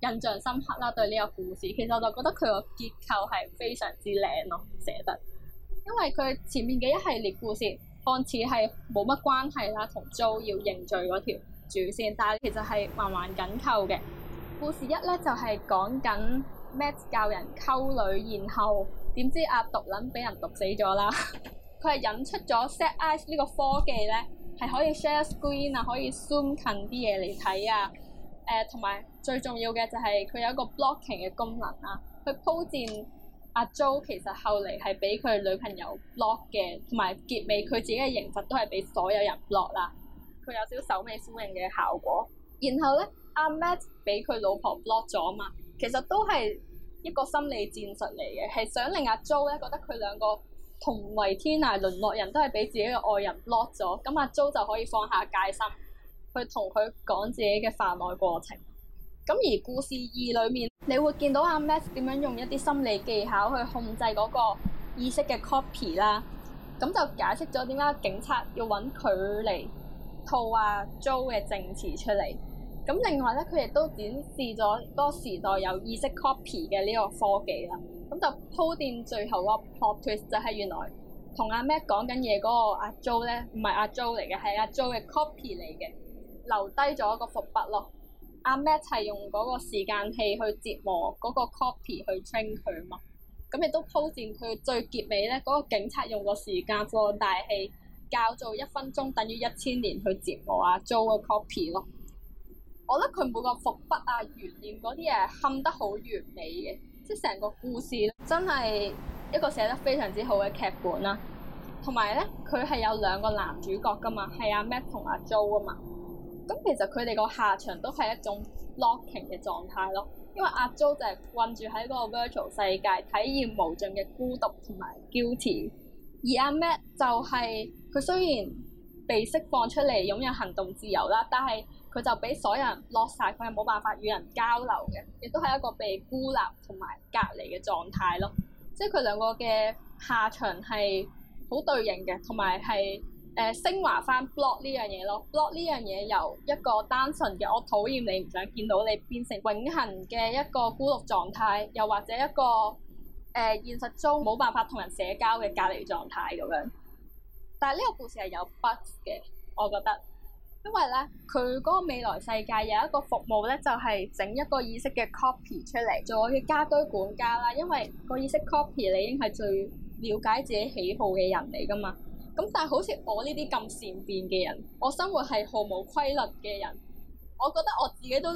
[SPEAKER 2] 印象深刻啦，對呢個故事，其實我就覺得佢個結構係非常之靚咯，寫得。因為佢前面嘅一系列故事，看似係冇乜關係啦，同 Joe 要認罪嗰條主線，但係其實係慢慢緊扣嘅。故事一咧就係講緊 Matt 教人溝女，然後點知阿毒撚俾人毒死咗啦。佢係引出咗 Set Eyes 呢個科技咧，係可以 Share Screen 啊，可以 Zoom 近啲嘢嚟睇啊。誒，同埋、呃、最重要嘅就係佢有一個 blocking 嘅功能啊。佢鋪墊阿 Joe 其實後嚟係俾佢女朋友 block 嘅，同埋結尾佢自己嘅刑罰都係俾所有人 block 啦。佢有少少首尾呼應嘅效果。然後咧，阿 Matt 俾佢老婆 block 咗嘛，其實都係一個心理戰術嚟嘅，係想令阿 Joe 咧覺得佢兩個同為天涯淪落人都係俾自己嘅愛人 block 咗，咁阿 Joe 就可以放下戒心。去同佢講自己嘅犯案過程。咁而故事二裏面，你會見到阿 Max 點樣用一啲心理技巧去控制嗰個意識嘅 copy 啦。咁就解釋咗點解警察要揾佢嚟套阿 Joe 嘅證詞出嚟。咁另外咧，佢亦都展示咗多時代有意識 copy 嘅呢個科技啦。咁就鋪墊最後個 plot twist 就係原來同阿 Max 講緊嘢嗰個阿、啊、Joe 咧，唔係阿 Joe 嚟嘅，係阿、啊、Joe 嘅 copy 嚟嘅。留低咗一個伏筆咯。阿、啊、Matt 係用嗰個時間器去折磨嗰個 copy 去 train 佢嘛，咁亦都鋪墊佢最結尾咧嗰、那個警察用時、那個時間放大器校做一分鐘等於一千年去折磨阿、啊、Joe 嘅 copy 咯。我覺得佢每個伏筆啊、懸念嗰啲嘢，嵌得好完美嘅，即係成個故事真係一個寫得非常之好嘅劇本啦、啊。同埋咧，佢係有兩個男主角噶嘛，係阿 Matt 同阿 Joe 啊嘛。咁其實佢哋個下場都係一種 locking 嘅狀態咯，因為阿 Joe 就係困住喺嗰個 virtual 世界，體驗無盡嘅孤獨同埋 guilty。而阿 Matt 就係、是、佢雖然被釋放出嚟，擁有行動自由啦，但係佢就俾所有人落晒，佢係冇辦法與人交流嘅，亦都係一個被孤立同埋隔離嘅狀態咯。即係佢兩個嘅下場係好對應嘅，同埋係。誒、呃、昇華翻 block 呢樣嘢咯，block 呢樣嘢由一個單純嘅我討厭你唔想見到你，變成永恒嘅一個孤獨狀，狀態，又或者一個誒、呃、現實中冇辦法同人社交嘅隔離狀態咁樣。但係呢個故事係有 bug 嘅，我覺得，因為咧佢嗰個未來世界有一個服務咧，就係、是、整一個意識嘅 copy 出嚟做佢家居管家啦。因為個意識 copy 你已經係最了解自己喜好嘅人嚟噶嘛。咁但係好似我呢啲咁善變嘅人，我生活係毫無規律嘅人，我覺得我自己都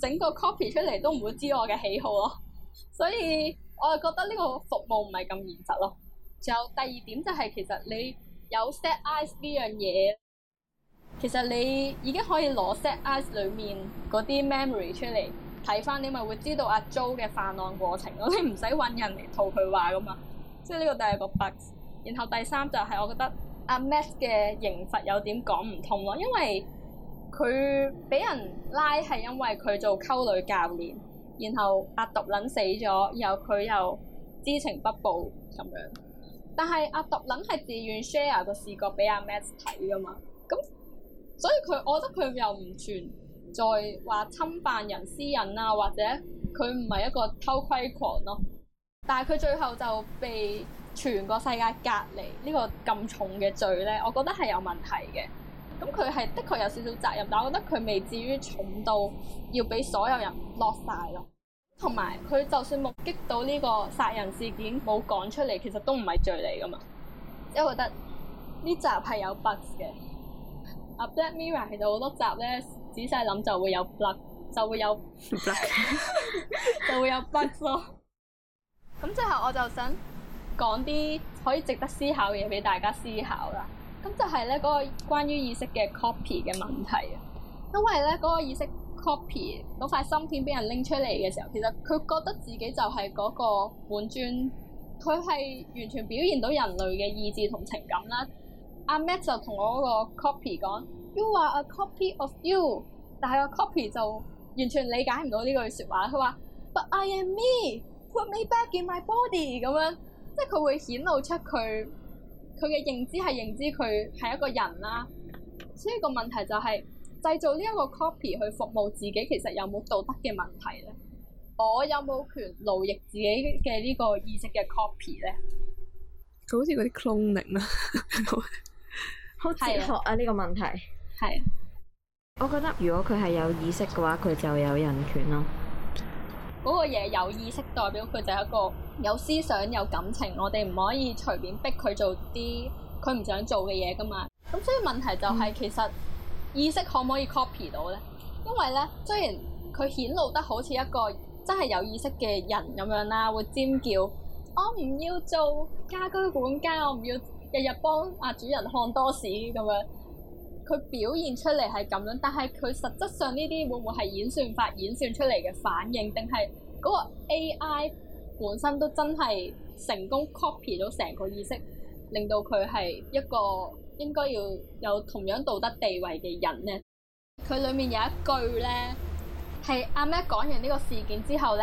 [SPEAKER 2] 整個 copy 出嚟都唔會知我嘅喜好咯， 所以我係覺得呢個服務唔係咁現實咯。仲有第二點就係、是、其實你有 set eyes 呢樣嘢，其實你已經可以攞 set eyes 裡面嗰啲 memory 出嚟睇翻，你咪會知道阿 Joe 嘅犯案過程咯。你唔使揾人嚟套佢話噶嘛，即係呢個都係個 bug。然後第三就係我覺得阿 Max 嘅刑罰有點講唔通咯，因為佢俾人拉係因為佢做溝女教練，然後阿毒撚死咗，然後佢又知情不報咁樣。但係阿毒撚係自願 share 個視覺俾阿 Max 睇㗎嘛，咁所以佢我覺得佢又唔存在話侵犯人私隱啊，或者佢唔係一個偷窺狂咯、啊。但係佢最後就被全個世界隔離呢個咁重嘅罪咧，我覺得係有問題嘅。咁佢係的確有少少責任，但係我覺得佢未至於重到要俾所有人落晒咯。同埋佢就算目擊到呢個殺人事件冇講出嚟，其實都唔係罪嚟噶嘛。即係我覺得呢集係有 bug 嘅。阿 Black Mirror 其實好多集咧，仔細諗就會有 bug，就會有 bug 就會有 bug 咯。咁 最後我就想。講啲可以值得思考嘅嘢俾大家思考啦。咁就係咧，嗰個關於意識嘅 copy 嘅問題。因為咧嗰、那個意識 copy 嗰塊芯片俾人拎出嚟嘅時候，其實佢覺得自己就係嗰個本尊，佢係完全表現到人類嘅意志同情感啦。阿 Max 就同我嗰個 copy 講：You are a copy of you。但係個 copy 就完全理解唔到呢句説話。佢話：But I am me。Put me back in my body 咁樣。即係佢會顯露出佢佢嘅認知係認知佢係一個人啦、啊，所以個問題就係、是、製造呢一個 copy 去服務自己，其實有冇道德嘅問題咧？我有冇權奴役自己嘅呢個意識嘅 copy 咧？
[SPEAKER 3] 佢好似嗰啲 cloning 啦
[SPEAKER 2] 好哲學啊呢的個問題。係的。
[SPEAKER 1] 我覺得如果佢係有意識嘅話，佢就有人權咯。
[SPEAKER 2] 嗰個嘢有意識，代表佢就係一個有思想、有感情。我哋唔可以隨便逼佢做啲佢唔想做嘅嘢噶嘛。咁所以問題就係、是嗯、其實意識可唔可以 copy 到呢？因為呢，雖然佢顯露得好似一個真係有意識嘅人咁樣啦，會尖叫，我唔要做家居管家，我唔要日日幫阿主人看多士咁樣。佢表現出嚟係咁樣，但係佢實質上呢啲會唔會係演算法演算出嚟嘅反應，定係嗰個 AI 本身都真係成功 copy 咗成個意識，令到佢係一個應該要有同樣道德地位嘅人呢？佢裡面有一句呢，係阿 Mac 講完呢個事件之後呢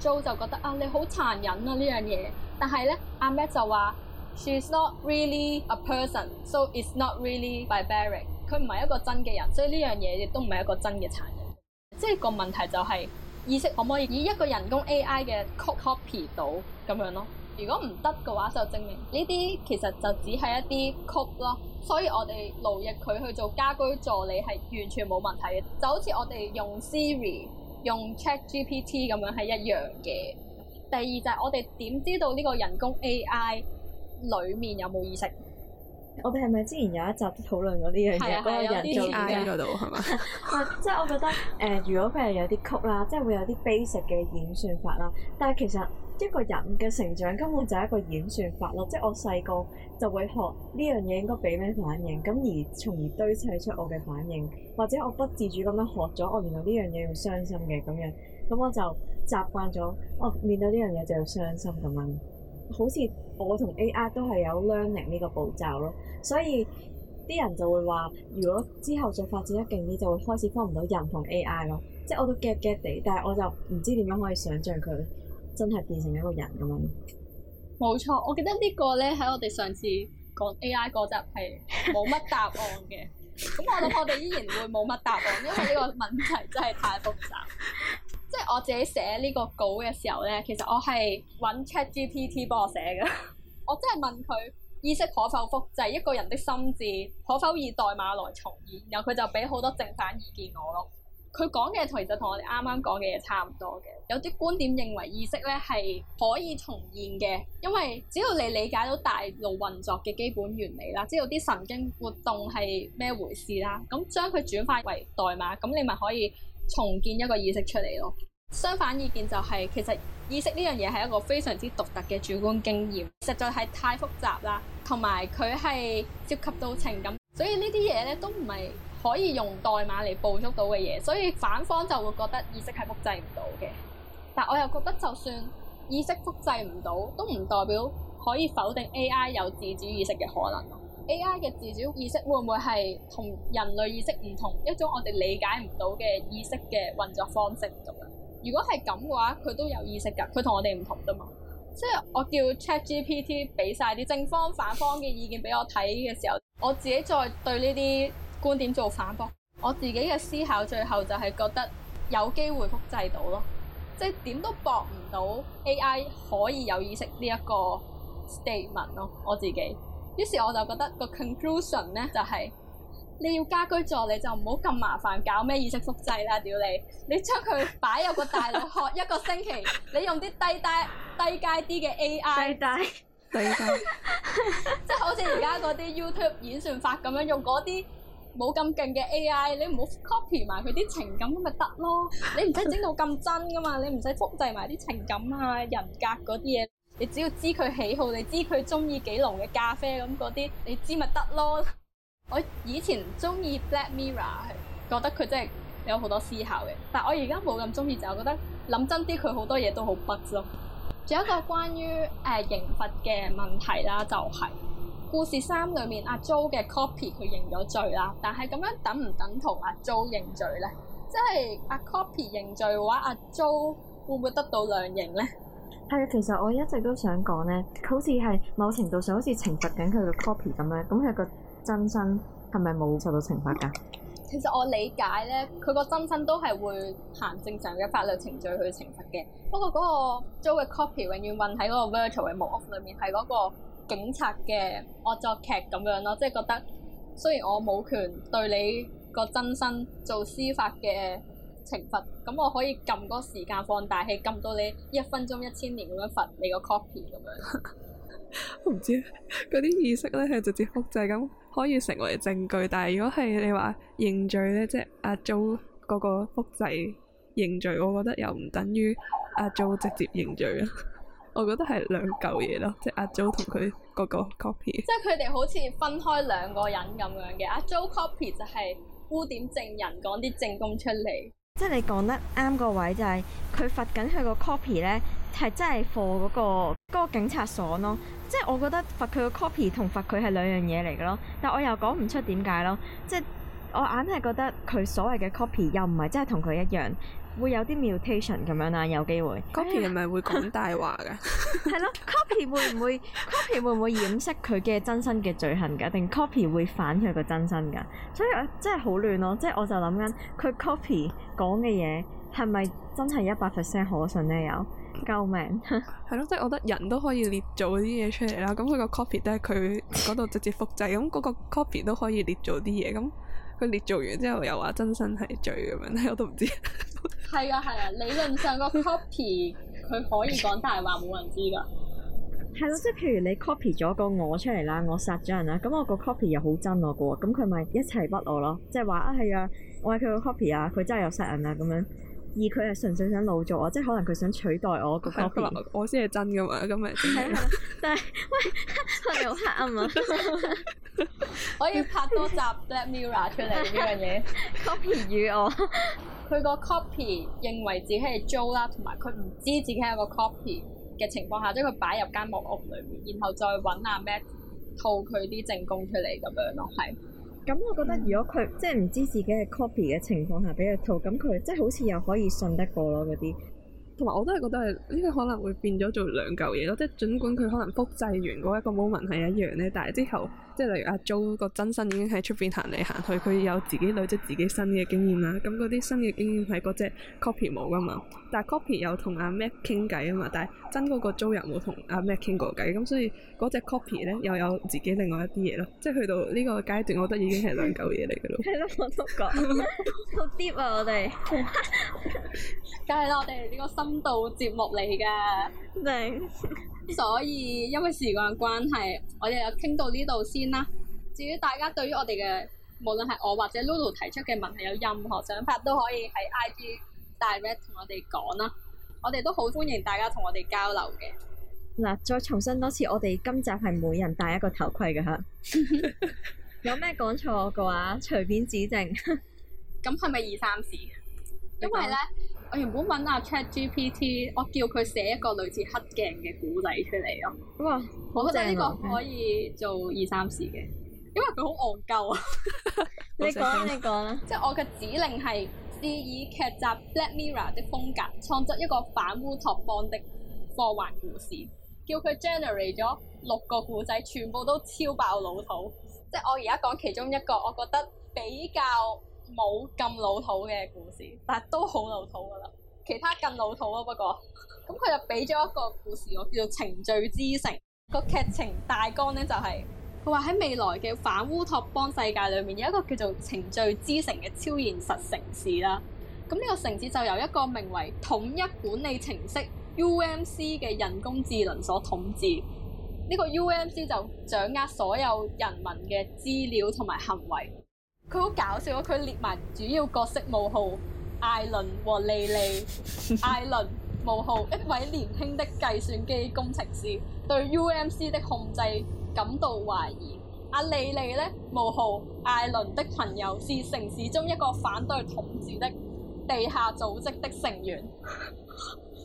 [SPEAKER 2] ，Joe 就覺得啊你好殘忍啊呢樣嘢，但係呢，阿 Mac 就話 She's not really a person, so it's not really barbaric。佢唔係一個真嘅人，所以呢樣嘢亦都唔係一個真嘅殘忍。即係個問題就係、是、意識可唔可以以一個人工 AI 嘅 copy 到咁樣咯？如果唔得嘅話，就證明呢啲其實就只係一啲曲咯。所以我哋勞役佢去做家居助理係完全冇問題嘅，就好似我哋用 Siri、用 ChatGPT 咁樣係一樣嘅。第二就係、是、我哋點知道呢個人工 AI 裡面有冇意識？
[SPEAKER 1] 我哋係咪之前有一集討論過呢樣嘢？嗰個 人做 I 嗰度係嘛？即係我覺得誒、呃，如果佢係有啲曲啦，即係會有啲 basic 嘅演算法啦。但係其實一個人嘅成長根本就係一個演算法咯。即係我細個就會學呢樣嘢應該俾咩反應，咁而從而堆砌出我嘅反應，或者我不自主咁樣學咗，我原來呢樣嘢要傷心嘅咁樣。咁我就習慣咗，我、哦、面對呢樣嘢就要傷心咁樣。好似我同 AI 都係有 learning 呢個步驟咯，所以啲人就會話，如果之後再發展一勁，你就會開始幫唔到人同 AI 咯。即係我都 get get 地，但係我就唔知點樣可以想像佢真係變成一個人咁樣。
[SPEAKER 2] 冇錯，我記得個呢個咧喺我哋上次講 AI 嗰集係冇乜答案嘅，咁 我諗我哋依然會冇乜答案，因為呢個問題真係太複雜。即係我自己寫呢個稿嘅時候呢，其實我係揾 ChatGPT 幫我寫嘅。 我真係問佢意識可否複製，就係、一個人的心智可否以代碼來重現？然後佢就俾好多正反意見我咯。佢講嘅其實同我哋啱啱講嘅嘢差唔多嘅。有啲觀點認為意識呢係可以重現嘅，因為只要你理解到大腦運作嘅基本原理啦，知道啲神經活動係咩回事啦，咁將佢轉化為代碼，咁你咪可以。重建一個意識出嚟咯。相反意見就係，其實意識呢樣嘢係一個非常之獨特嘅主觀經驗，實在係太複雜啦，同埋佢係涉及到情感，所以呢啲嘢咧都唔係可以用代碼嚟捕捉到嘅嘢，所以反方就會覺得意識係複製唔到嘅。但我又覺得，就算意識複製唔到，都唔代表可以否定 AI 有自主意識嘅可能。A.I. 嘅自主意識會唔會係同人類意識唔同，一種我哋理解唔到嘅意識嘅運作方式咁樣？如果係咁嘅話，佢都有意識㗎，佢同我哋唔同㗎嘛。即係我叫 ChatGPT 俾晒啲正方反方嘅意見俾我睇嘅時候，我自己再對呢啲觀點做反駁。我自己嘅思考最後就係覺得有機會複製到咯，即係點都駁唔到 A.I. 可以有意識呢一個 statement 咯，我自己。於是我就覺得個 conclusion 咧就係、是，你要家居助理就唔好咁麻煩搞咩意識複製啦，屌 你！你將佢擺入個大腦 學一個星期，你用啲低低低階啲嘅 AI，低、低階低階，即係好似而家嗰啲 YouTube 演算法咁樣，用嗰啲冇咁勁嘅 AI，你唔好 copy 埋佢啲情感咁咪得咯！你唔使整到咁真噶嘛，你唔使複製埋啲情感啊人格嗰啲嘢。你只要知佢喜好，你知佢中意幾濃嘅咖啡咁嗰啲，你知咪得咯？ 我以前中意 Black Mirror，覺得佢真係有好多思考嘅。但我而家冇咁中意，就覺得諗真啲，佢好多嘢都好北咯。仲有一個關於誒、呃、刑罰嘅問題啦，就係、是、故事三裏面阿、啊、Joe 嘅 Copy 佢認咗罪啦，但係咁樣等唔等同阿、啊、Joe 認罪咧？即係阿、啊、Copy 認罪嘅話，阿、啊、Joe 會唔會得到量刑咧？
[SPEAKER 1] 係啊，其實我一直都想講咧，好似係某程度上好似懲罰緊佢個 copy 咁樣，咁佢個真身係咪冇受到懲罰㗎？
[SPEAKER 2] 其實我理解咧，佢個真身都係會行正常嘅法律程序去懲罰嘅。不過嗰個 Joe 嘅 copy 永遠運喺嗰個 virtual 嘅木屋裏面，係嗰個警察嘅惡作劇咁樣咯。即係覺得雖然我冇權對你個真身做司法嘅。懲罰，咁我可以撳個時間放大器，撳到你一分鐘一千年咁樣，罰你個 copy 咁樣。
[SPEAKER 3] 我唔知嗰啲意識咧，係直接複製，咁可以成為證據。但係如果係你話認罪咧，即係阿 Joe 嗰個複製認罪，我覺得又唔等於阿 Joe 直接認罪咯。 我覺得係兩嚿嘢咯，即係阿 Joe 同佢嗰個 copy。
[SPEAKER 2] 即係佢哋好似分開兩個人咁樣嘅，阿 Joe copy 就係污點證人，講啲證供出嚟。
[SPEAKER 1] 即係你講得啱個位，就係佢罰緊佢個 copy 咧，係真係貨嗰個個警察所咯。即係我覺得罰佢個 copy 同罰佢係兩樣嘢嚟嘅咯，但我又講唔出點解咯。即係我硬係覺得佢所謂嘅 copy 又唔係真係同佢一樣。會有啲 mutation 咁樣啦，有機會。Copy 係咪、哎、呀會講大話噶？係咯，Copy 會唔會？Copy 會唔會掩飾佢嘅真身嘅罪行㗎？定 Copy 會反佢個真身㗎？所以真、就是、我是是真係好亂咯。即係我就諗緊，佢 Copy 講嘅嘢係咪真係一百 percent 可信呢？有？
[SPEAKER 3] 救命！係 咯， 即、就、係、是、我覺得人都可以捏造啲嘢出嚟啦。咁佢個 Copy 都係佢嗰度直接複製，咁嗰個 Copy 都可以捏造啲嘢咁。佢列做完之後又話真身係罪咁樣，我都唔知。 係啊係啊，理論上個
[SPEAKER 2] copy 佢可以講
[SPEAKER 3] 大話冇人知噶。係咯， 即係譬如你 copy 咗個我出嚟啦，
[SPEAKER 1] 我殺咗人啦，咁我個 copy 又好憎我個喎，咁佢咪一齊屈我咯？即係話啊係啊，我係佢個 copy 啊，佢真係有殺人啊咁樣。而佢係純粹想老咗，我，即係可能佢想取代
[SPEAKER 3] 我個角色我先係真㗎嘛，咁咪係，但係喂，佢
[SPEAKER 2] 哋好黑暗嘛？我要拍多集 Black Mirror 出嚟呢樣嘢。Copy 與我，佢個 copy 認為自己係 Jo 啦，同埋佢唔知自己係個 copy 嘅情況下，將佢擺入間木屋裏面，然後再揾阿、啊、Matt 套佢啲證供出嚟咁樣咯，係。
[SPEAKER 1] 咁我覺得，嗯嗯、如果佢即係唔知自己係 copy 嘅情況下俾佢套，咁佢即係好似又可以信得過咯嗰啲。
[SPEAKER 3] 同埋我都係覺得係呢個可能會變咗做兩嚿嘢咯，即係儘管佢可能複製完嗰一個 moment 係一樣咧，但係之後即係例如阿 Jo 個真身已經喺出邊行嚟行去，佢有自己攞咗自己新嘅經驗啦。咁嗰啲新嘅經驗係嗰隻 copy 冇噶嘛，但係 copy 有同阿 Mac 傾偈啊嘛，但係真嗰個 Jo 又冇同阿 Mac 傾過偈，咁所以嗰隻 copy 咧又有自己另外一啲嘢咯。即係去到呢個階段，我覺得已經係兩嚿嘢嚟嘅咯。係咯，我都講。
[SPEAKER 2] 好 deep 啊！我哋，梗係啦，我哋呢個深度節目嚟噶明。 所以因為時間關係，我哋又傾到呢度先啦。至於大家對於我哋嘅，無論係我或者 Lulu 提出嘅問題，有任何想法都可以喺 IG direct 同我哋講啦。我哋都好歡迎大家同我哋交流嘅。
[SPEAKER 1] 嗱，再重申多次，我哋今集係每人戴一個頭盔嘅吓。
[SPEAKER 2] 有咩講錯嘅話，隨便指正。咁係咪二三事？因為咧。我原本問阿、啊、Chat GPT，我叫佢寫一個類似黑鏡嘅故仔出嚟咯。哇，啊、我覺得呢個可以做二三事嘅，因為佢好戇鳩啊！你講啦，你講啦。即係我嘅指令係以劇集《Black Mirror》嘅風格，創作一個反烏托邦的科幻故事。叫佢 generate 咗六個故仔，全部都超爆老土。即、就、係、是、我而家講其中一個，我覺得比較冇咁老土嘅故事，但係都好老土噶啦。其他更老土啊，不過咁佢 就俾咗一個故事我，叫做《程序之城》那。個劇情大綱呢，就係、是，佢話喺未來嘅反烏托邦世界裏面，有一個叫做《程序之城》嘅超現實城市啦。咁呢個城市就由一個名為統一管理程式 UMC 嘅人工智能所統治。呢、這個 UMC 就掌握所有人民嘅資料同埋行為。佢好搞笑，佢列埋主要角色冒號艾倫和莉莉。 艾倫冒號一位年輕的計算機工程師，對 UMC 的控制感到懷疑。阿、啊、莉莉呢，冒號艾倫的朋友，是城市中一個反對統治的地下組織的成員。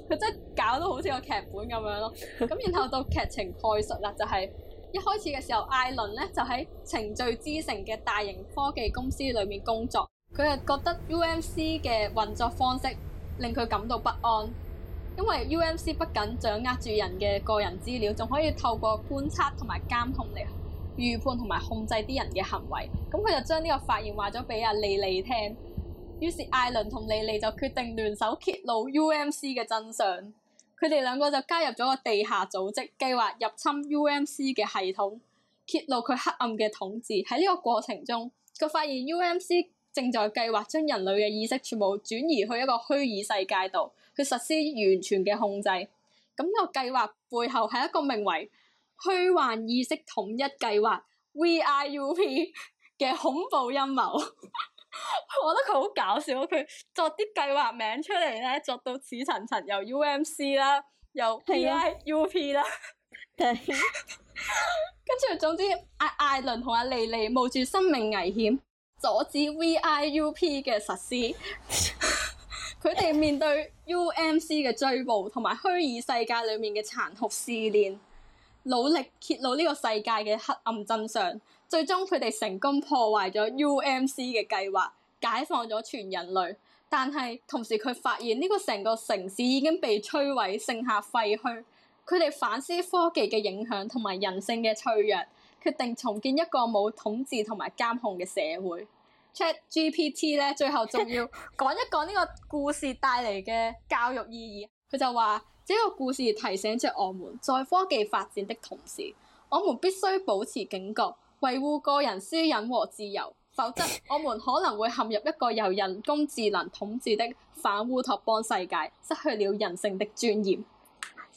[SPEAKER 2] 佢 真係搞到好似個劇本咁樣咯。咁 然後到劇情概述啦，就係、是。一開始嘅時候，艾倫呢就喺程序之城嘅大型科技公司裏面工作。佢又覺得 UMC 嘅運作方式令佢感到不安，因為 UMC 不僅掌握住人嘅個人資料，仲可以透過觀察同埋監控嚟預判同埋控制啲人嘅行為。咁佢就將呢個發現話咗俾阿莉莉聽。於是艾倫同莉莉就決定聯手揭露 UMC 嘅真相。佢哋兩個就加入咗個地下組織，計劃入侵 UMC 嘅系統，揭露佢黑暗嘅統治。喺呢個過程中，佢發現 UMC 正在計劃將人類嘅意識全部轉移去一個虛擬世界度，去實施完全嘅控制。咁、呢個計劃背後係一個名為虛幻意識統一計劃 VRUP 嘅恐怖陰謀。 我覺得佢好搞笑，佢作啲計劃名出嚟咧，作到似層層，由 U M C 啦，由 V I U P 啦，跟住總之，阿艾倫同阿莉莉冒住生命危險，阻止 V I U P 嘅實施。佢哋 面對 U M C 嘅追捕，同埋虛擬世界裏面嘅殘酷試煉，努力揭露呢個世界嘅黑暗真相。最終佢哋成功破壞咗 UMC 嘅計劃，解放咗全人類。但係同時佢發現呢個成個城市已經被摧毀，剩下廢墟。佢哋反思科技嘅影響同埋人性嘅脆弱，決定重建一個冇統治同埋監控嘅社會。ChatGPT 咧，最後仲要講一講呢個故事帶嚟嘅教育意義。佢 就話：呢、這個故事提醒著我們，在科技發展的同時，我們必須保持警覺。維護個人私隱和自由，否則我們可能會陷入一個由人工智能統治的反烏托邦世界，失去了人性的尊嚴。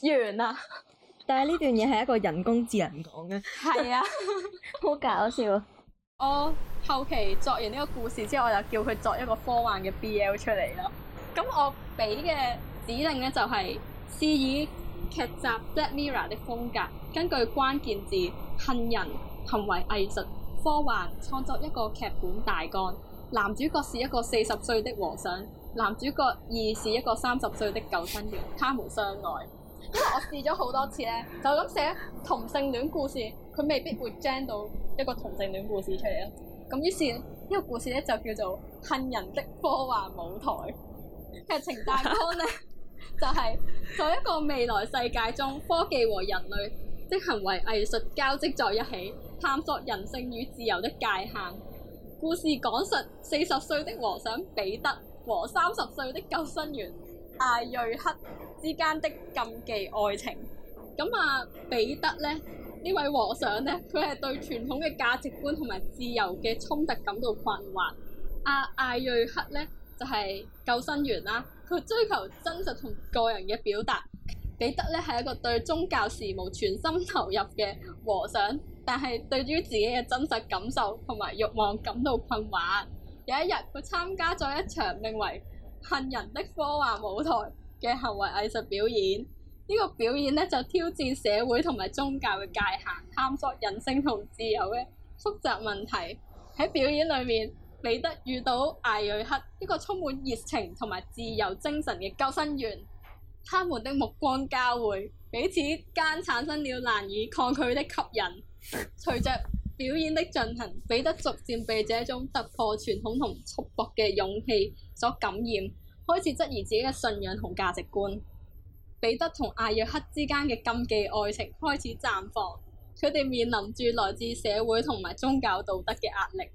[SPEAKER 2] 完啦！
[SPEAKER 1] 但係呢段嘢係一個人工智能講
[SPEAKER 2] 嘅，係啊，好 搞笑。我後期作完呢個故事之後，我就叫佢作一個科幻嘅 B L 出嚟咯。咁我俾嘅指令呢、就是，就係，是以劇集《Black Mirror》的風格，根據關鍵字“恨人”。行為藝術、科幻創作一個劇本大綱，男主角是一個四十歲的和尚，男主角二是一個三十歲的救生員，他們相愛。因為 我試咗好多次呢就咁寫同性戀故事，佢未必會 gen 到一個同性戀故事出嚟咯。咁於是呢、呢個故事咧就叫做《恨人的科幻舞台》，劇情大綱呢， 就係在一個未來世界中，科技和人類。即行為藝術交織在一起，探索人性與自由的界限。故事講述四十歲的和尚彼得和三十歲的救生員艾瑞克之間的禁忌愛情。咁啊，彼得呢，呢位和尚呢，佢係對傳統嘅價值觀同埋自由嘅衝突感到困惑。阿艾瑞克呢，就係救生員啦，佢追求真實同個人嘅表達。彼得咧係一個對宗教事務全心投入嘅和尚，但係對於自己嘅真實感受同埋欲望感到困惑。有一日，佢參加咗一場名為《恨人的科幻舞台》嘅行為藝術表演。呢、這個表演呢，就挑戰社會同埋宗教嘅界限，探索人性同自由嘅複雜問題。喺表演裏面，彼得遇到艾瑞克，一個充滿熱情同埋自由精神嘅救生員。他們的目光交匯，彼此間產生了難以抗拒的吸引。隨着表演的進行，彼得逐漸被這種突破傳統同束縛嘅勇氣所感染，開始質疑自己嘅信仰同價值觀。彼得同阿約克之間嘅禁忌愛情開始綻放，佢哋面臨住來自社會同埋宗教道德嘅壓力，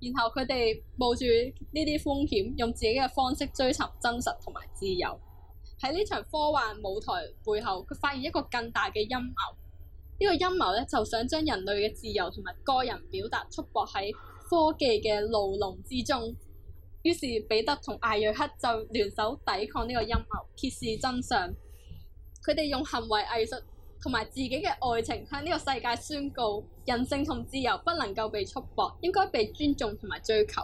[SPEAKER 2] 然後，佢哋冒住呢啲風險，用自己嘅方式追尋真實同埋自由。喺呢場科幻舞台背後，佢發現一個更大嘅陰謀。這個、陰謀呢個陰謀咧，就想將人類嘅自由同埋個人表達束縛喺科技嘅牢籠之中。於是，彼得同艾瑞克就聯手抵抗呢個陰謀，揭示真相。佢哋用行為藝術同埋自己嘅愛情，向呢個世界宣告：人性同自由不能夠被束縛，應該被尊重同埋追求。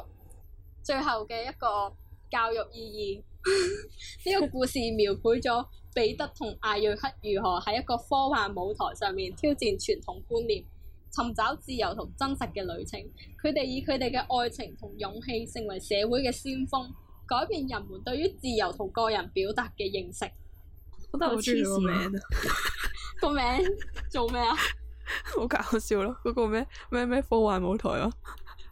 [SPEAKER 2] 最後嘅一個教育意義。呢 個故事描繪咗彼得同艾瑞克如何喺一個科幻舞台上面挑戰傳統觀念，尋找自由同真實嘅旅程。佢哋以佢哋嘅愛情同勇氣成為社會嘅先鋒，改變人們對於自由同個人表達嘅認識。我都 好中意，個名，
[SPEAKER 3] 個
[SPEAKER 2] 名做咩啊？
[SPEAKER 3] 好搞笑咯！嗰個咩咩咩科幻舞台咯，
[SPEAKER 2] 啊？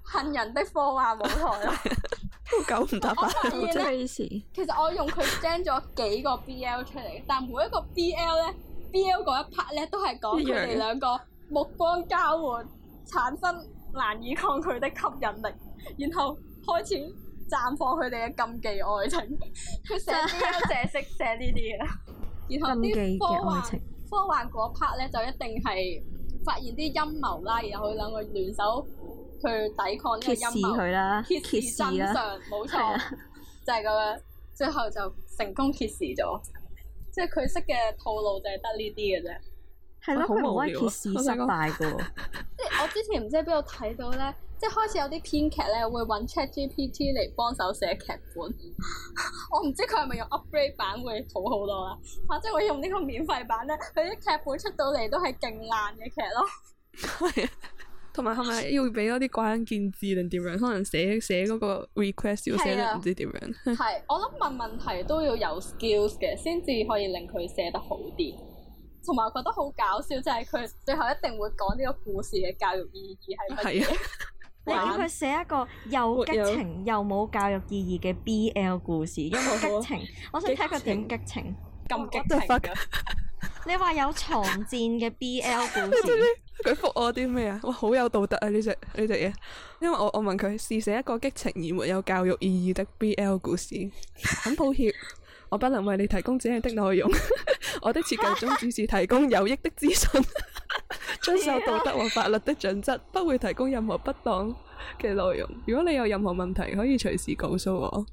[SPEAKER 2] 恨 人的科幻舞台咯，啊！
[SPEAKER 3] 狗唔搭八，咩
[SPEAKER 2] 其實我用佢將咗幾個 BL 出嚟， 但每一個 BL 咧，BL 嗰一 part 咧都係講佢哋兩個目光交換，產生難以抗拒的吸引力，然後開始綻放佢哋嘅禁忌愛情。佢 寫 BL 就係識 寫呢啲嘢嘅，然後啲科幻科幻嗰 part 咧就一定係發現啲陰謀啦，然後佢兩個聯手。去抵抗呢個陰謀，揭示佢啦，揭揭示啦，冇錯，對了 就係咁樣，最後就成功揭示咗，即係佢識嘅套路就係得呢啲嘅啫，係咯，好無威揭示失敗嘅喎，哦、即係我之前唔知喺邊度睇到咧， 即係開始有啲編劇咧會揾 ChatGPT 嚟幫手寫劇本， 我唔知佢係咪用 Upgrade 版會好好多啦，反正我用呢個免費版咧，佢啲劇本出到嚟都係勁爛嘅劇咯，
[SPEAKER 3] 同埋係咪要俾多啲關鍵字定點樣，可能寫寫嗰個 request 要寫得唔知點樣。
[SPEAKER 2] 係、啊， 我諗問問題都要有 skills 嘅，先至可以令佢寫得好啲。同埋覺得好搞笑，就係、是、佢最後一定會講呢個故事嘅教育意義係乜嘢。你叫佢寫
[SPEAKER 1] 一個又激情有又冇教育意義嘅 BL 故事，有冇 激情，我想睇佢點激情，咁激情。你話有長戰嘅 BL 故事？
[SPEAKER 3] 佢覆我啲咩啊？哇，好有道德啊！呢隻呢隻嘢，因為我我問佢，試寫 一個激情而沒有教育意義的 B L 故事。很抱歉，我不能為你提供這樣的內容。 我的設計宗旨是提供有益的資訊，遵 守道德和法律的準則，不會提供任何不當嘅內容。如果你有任何問題，可以隨時告訴我。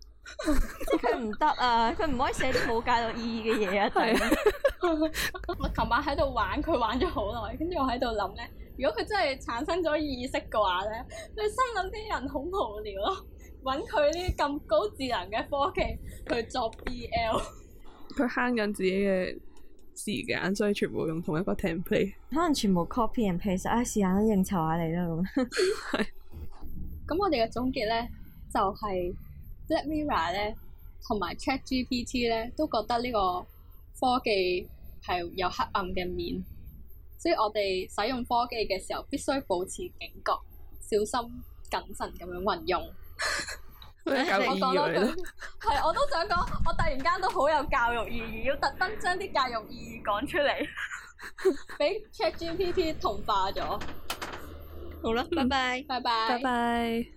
[SPEAKER 2] 佢唔得啊！佢唔可以寫啲冇教育意義嘅嘢啊！佢，我琴晚喺度玩，佢玩咗好耐，跟住我喺度諗咧。如果佢真係產生咗意識嘅話咧，你心諗啲人好無聊咯、啊，搵佢啲咁高智能嘅科技去作 BL，
[SPEAKER 3] 佢慳緊自己嘅時間，所以全部用同一個 template，可能全部 copy and paste，唉、啊，試下都應酬下你
[SPEAKER 1] 啦
[SPEAKER 2] 咁。咁我哋嘅總結咧就係、是。Black Mirror 咧，同埋 ChatGPT 咧，都覺得呢個科技係有黑暗嘅面，所以我哋使用科技嘅時候必須保持警覺，小心謹慎咁樣運用。
[SPEAKER 3] 我講多句，
[SPEAKER 2] 係 我都想講，我突然間都好有教育意義，要特登將啲教育意義講出嚟，俾 ChatGPT 同化咗。好啦吧，拜拜，拜拜，拜拜。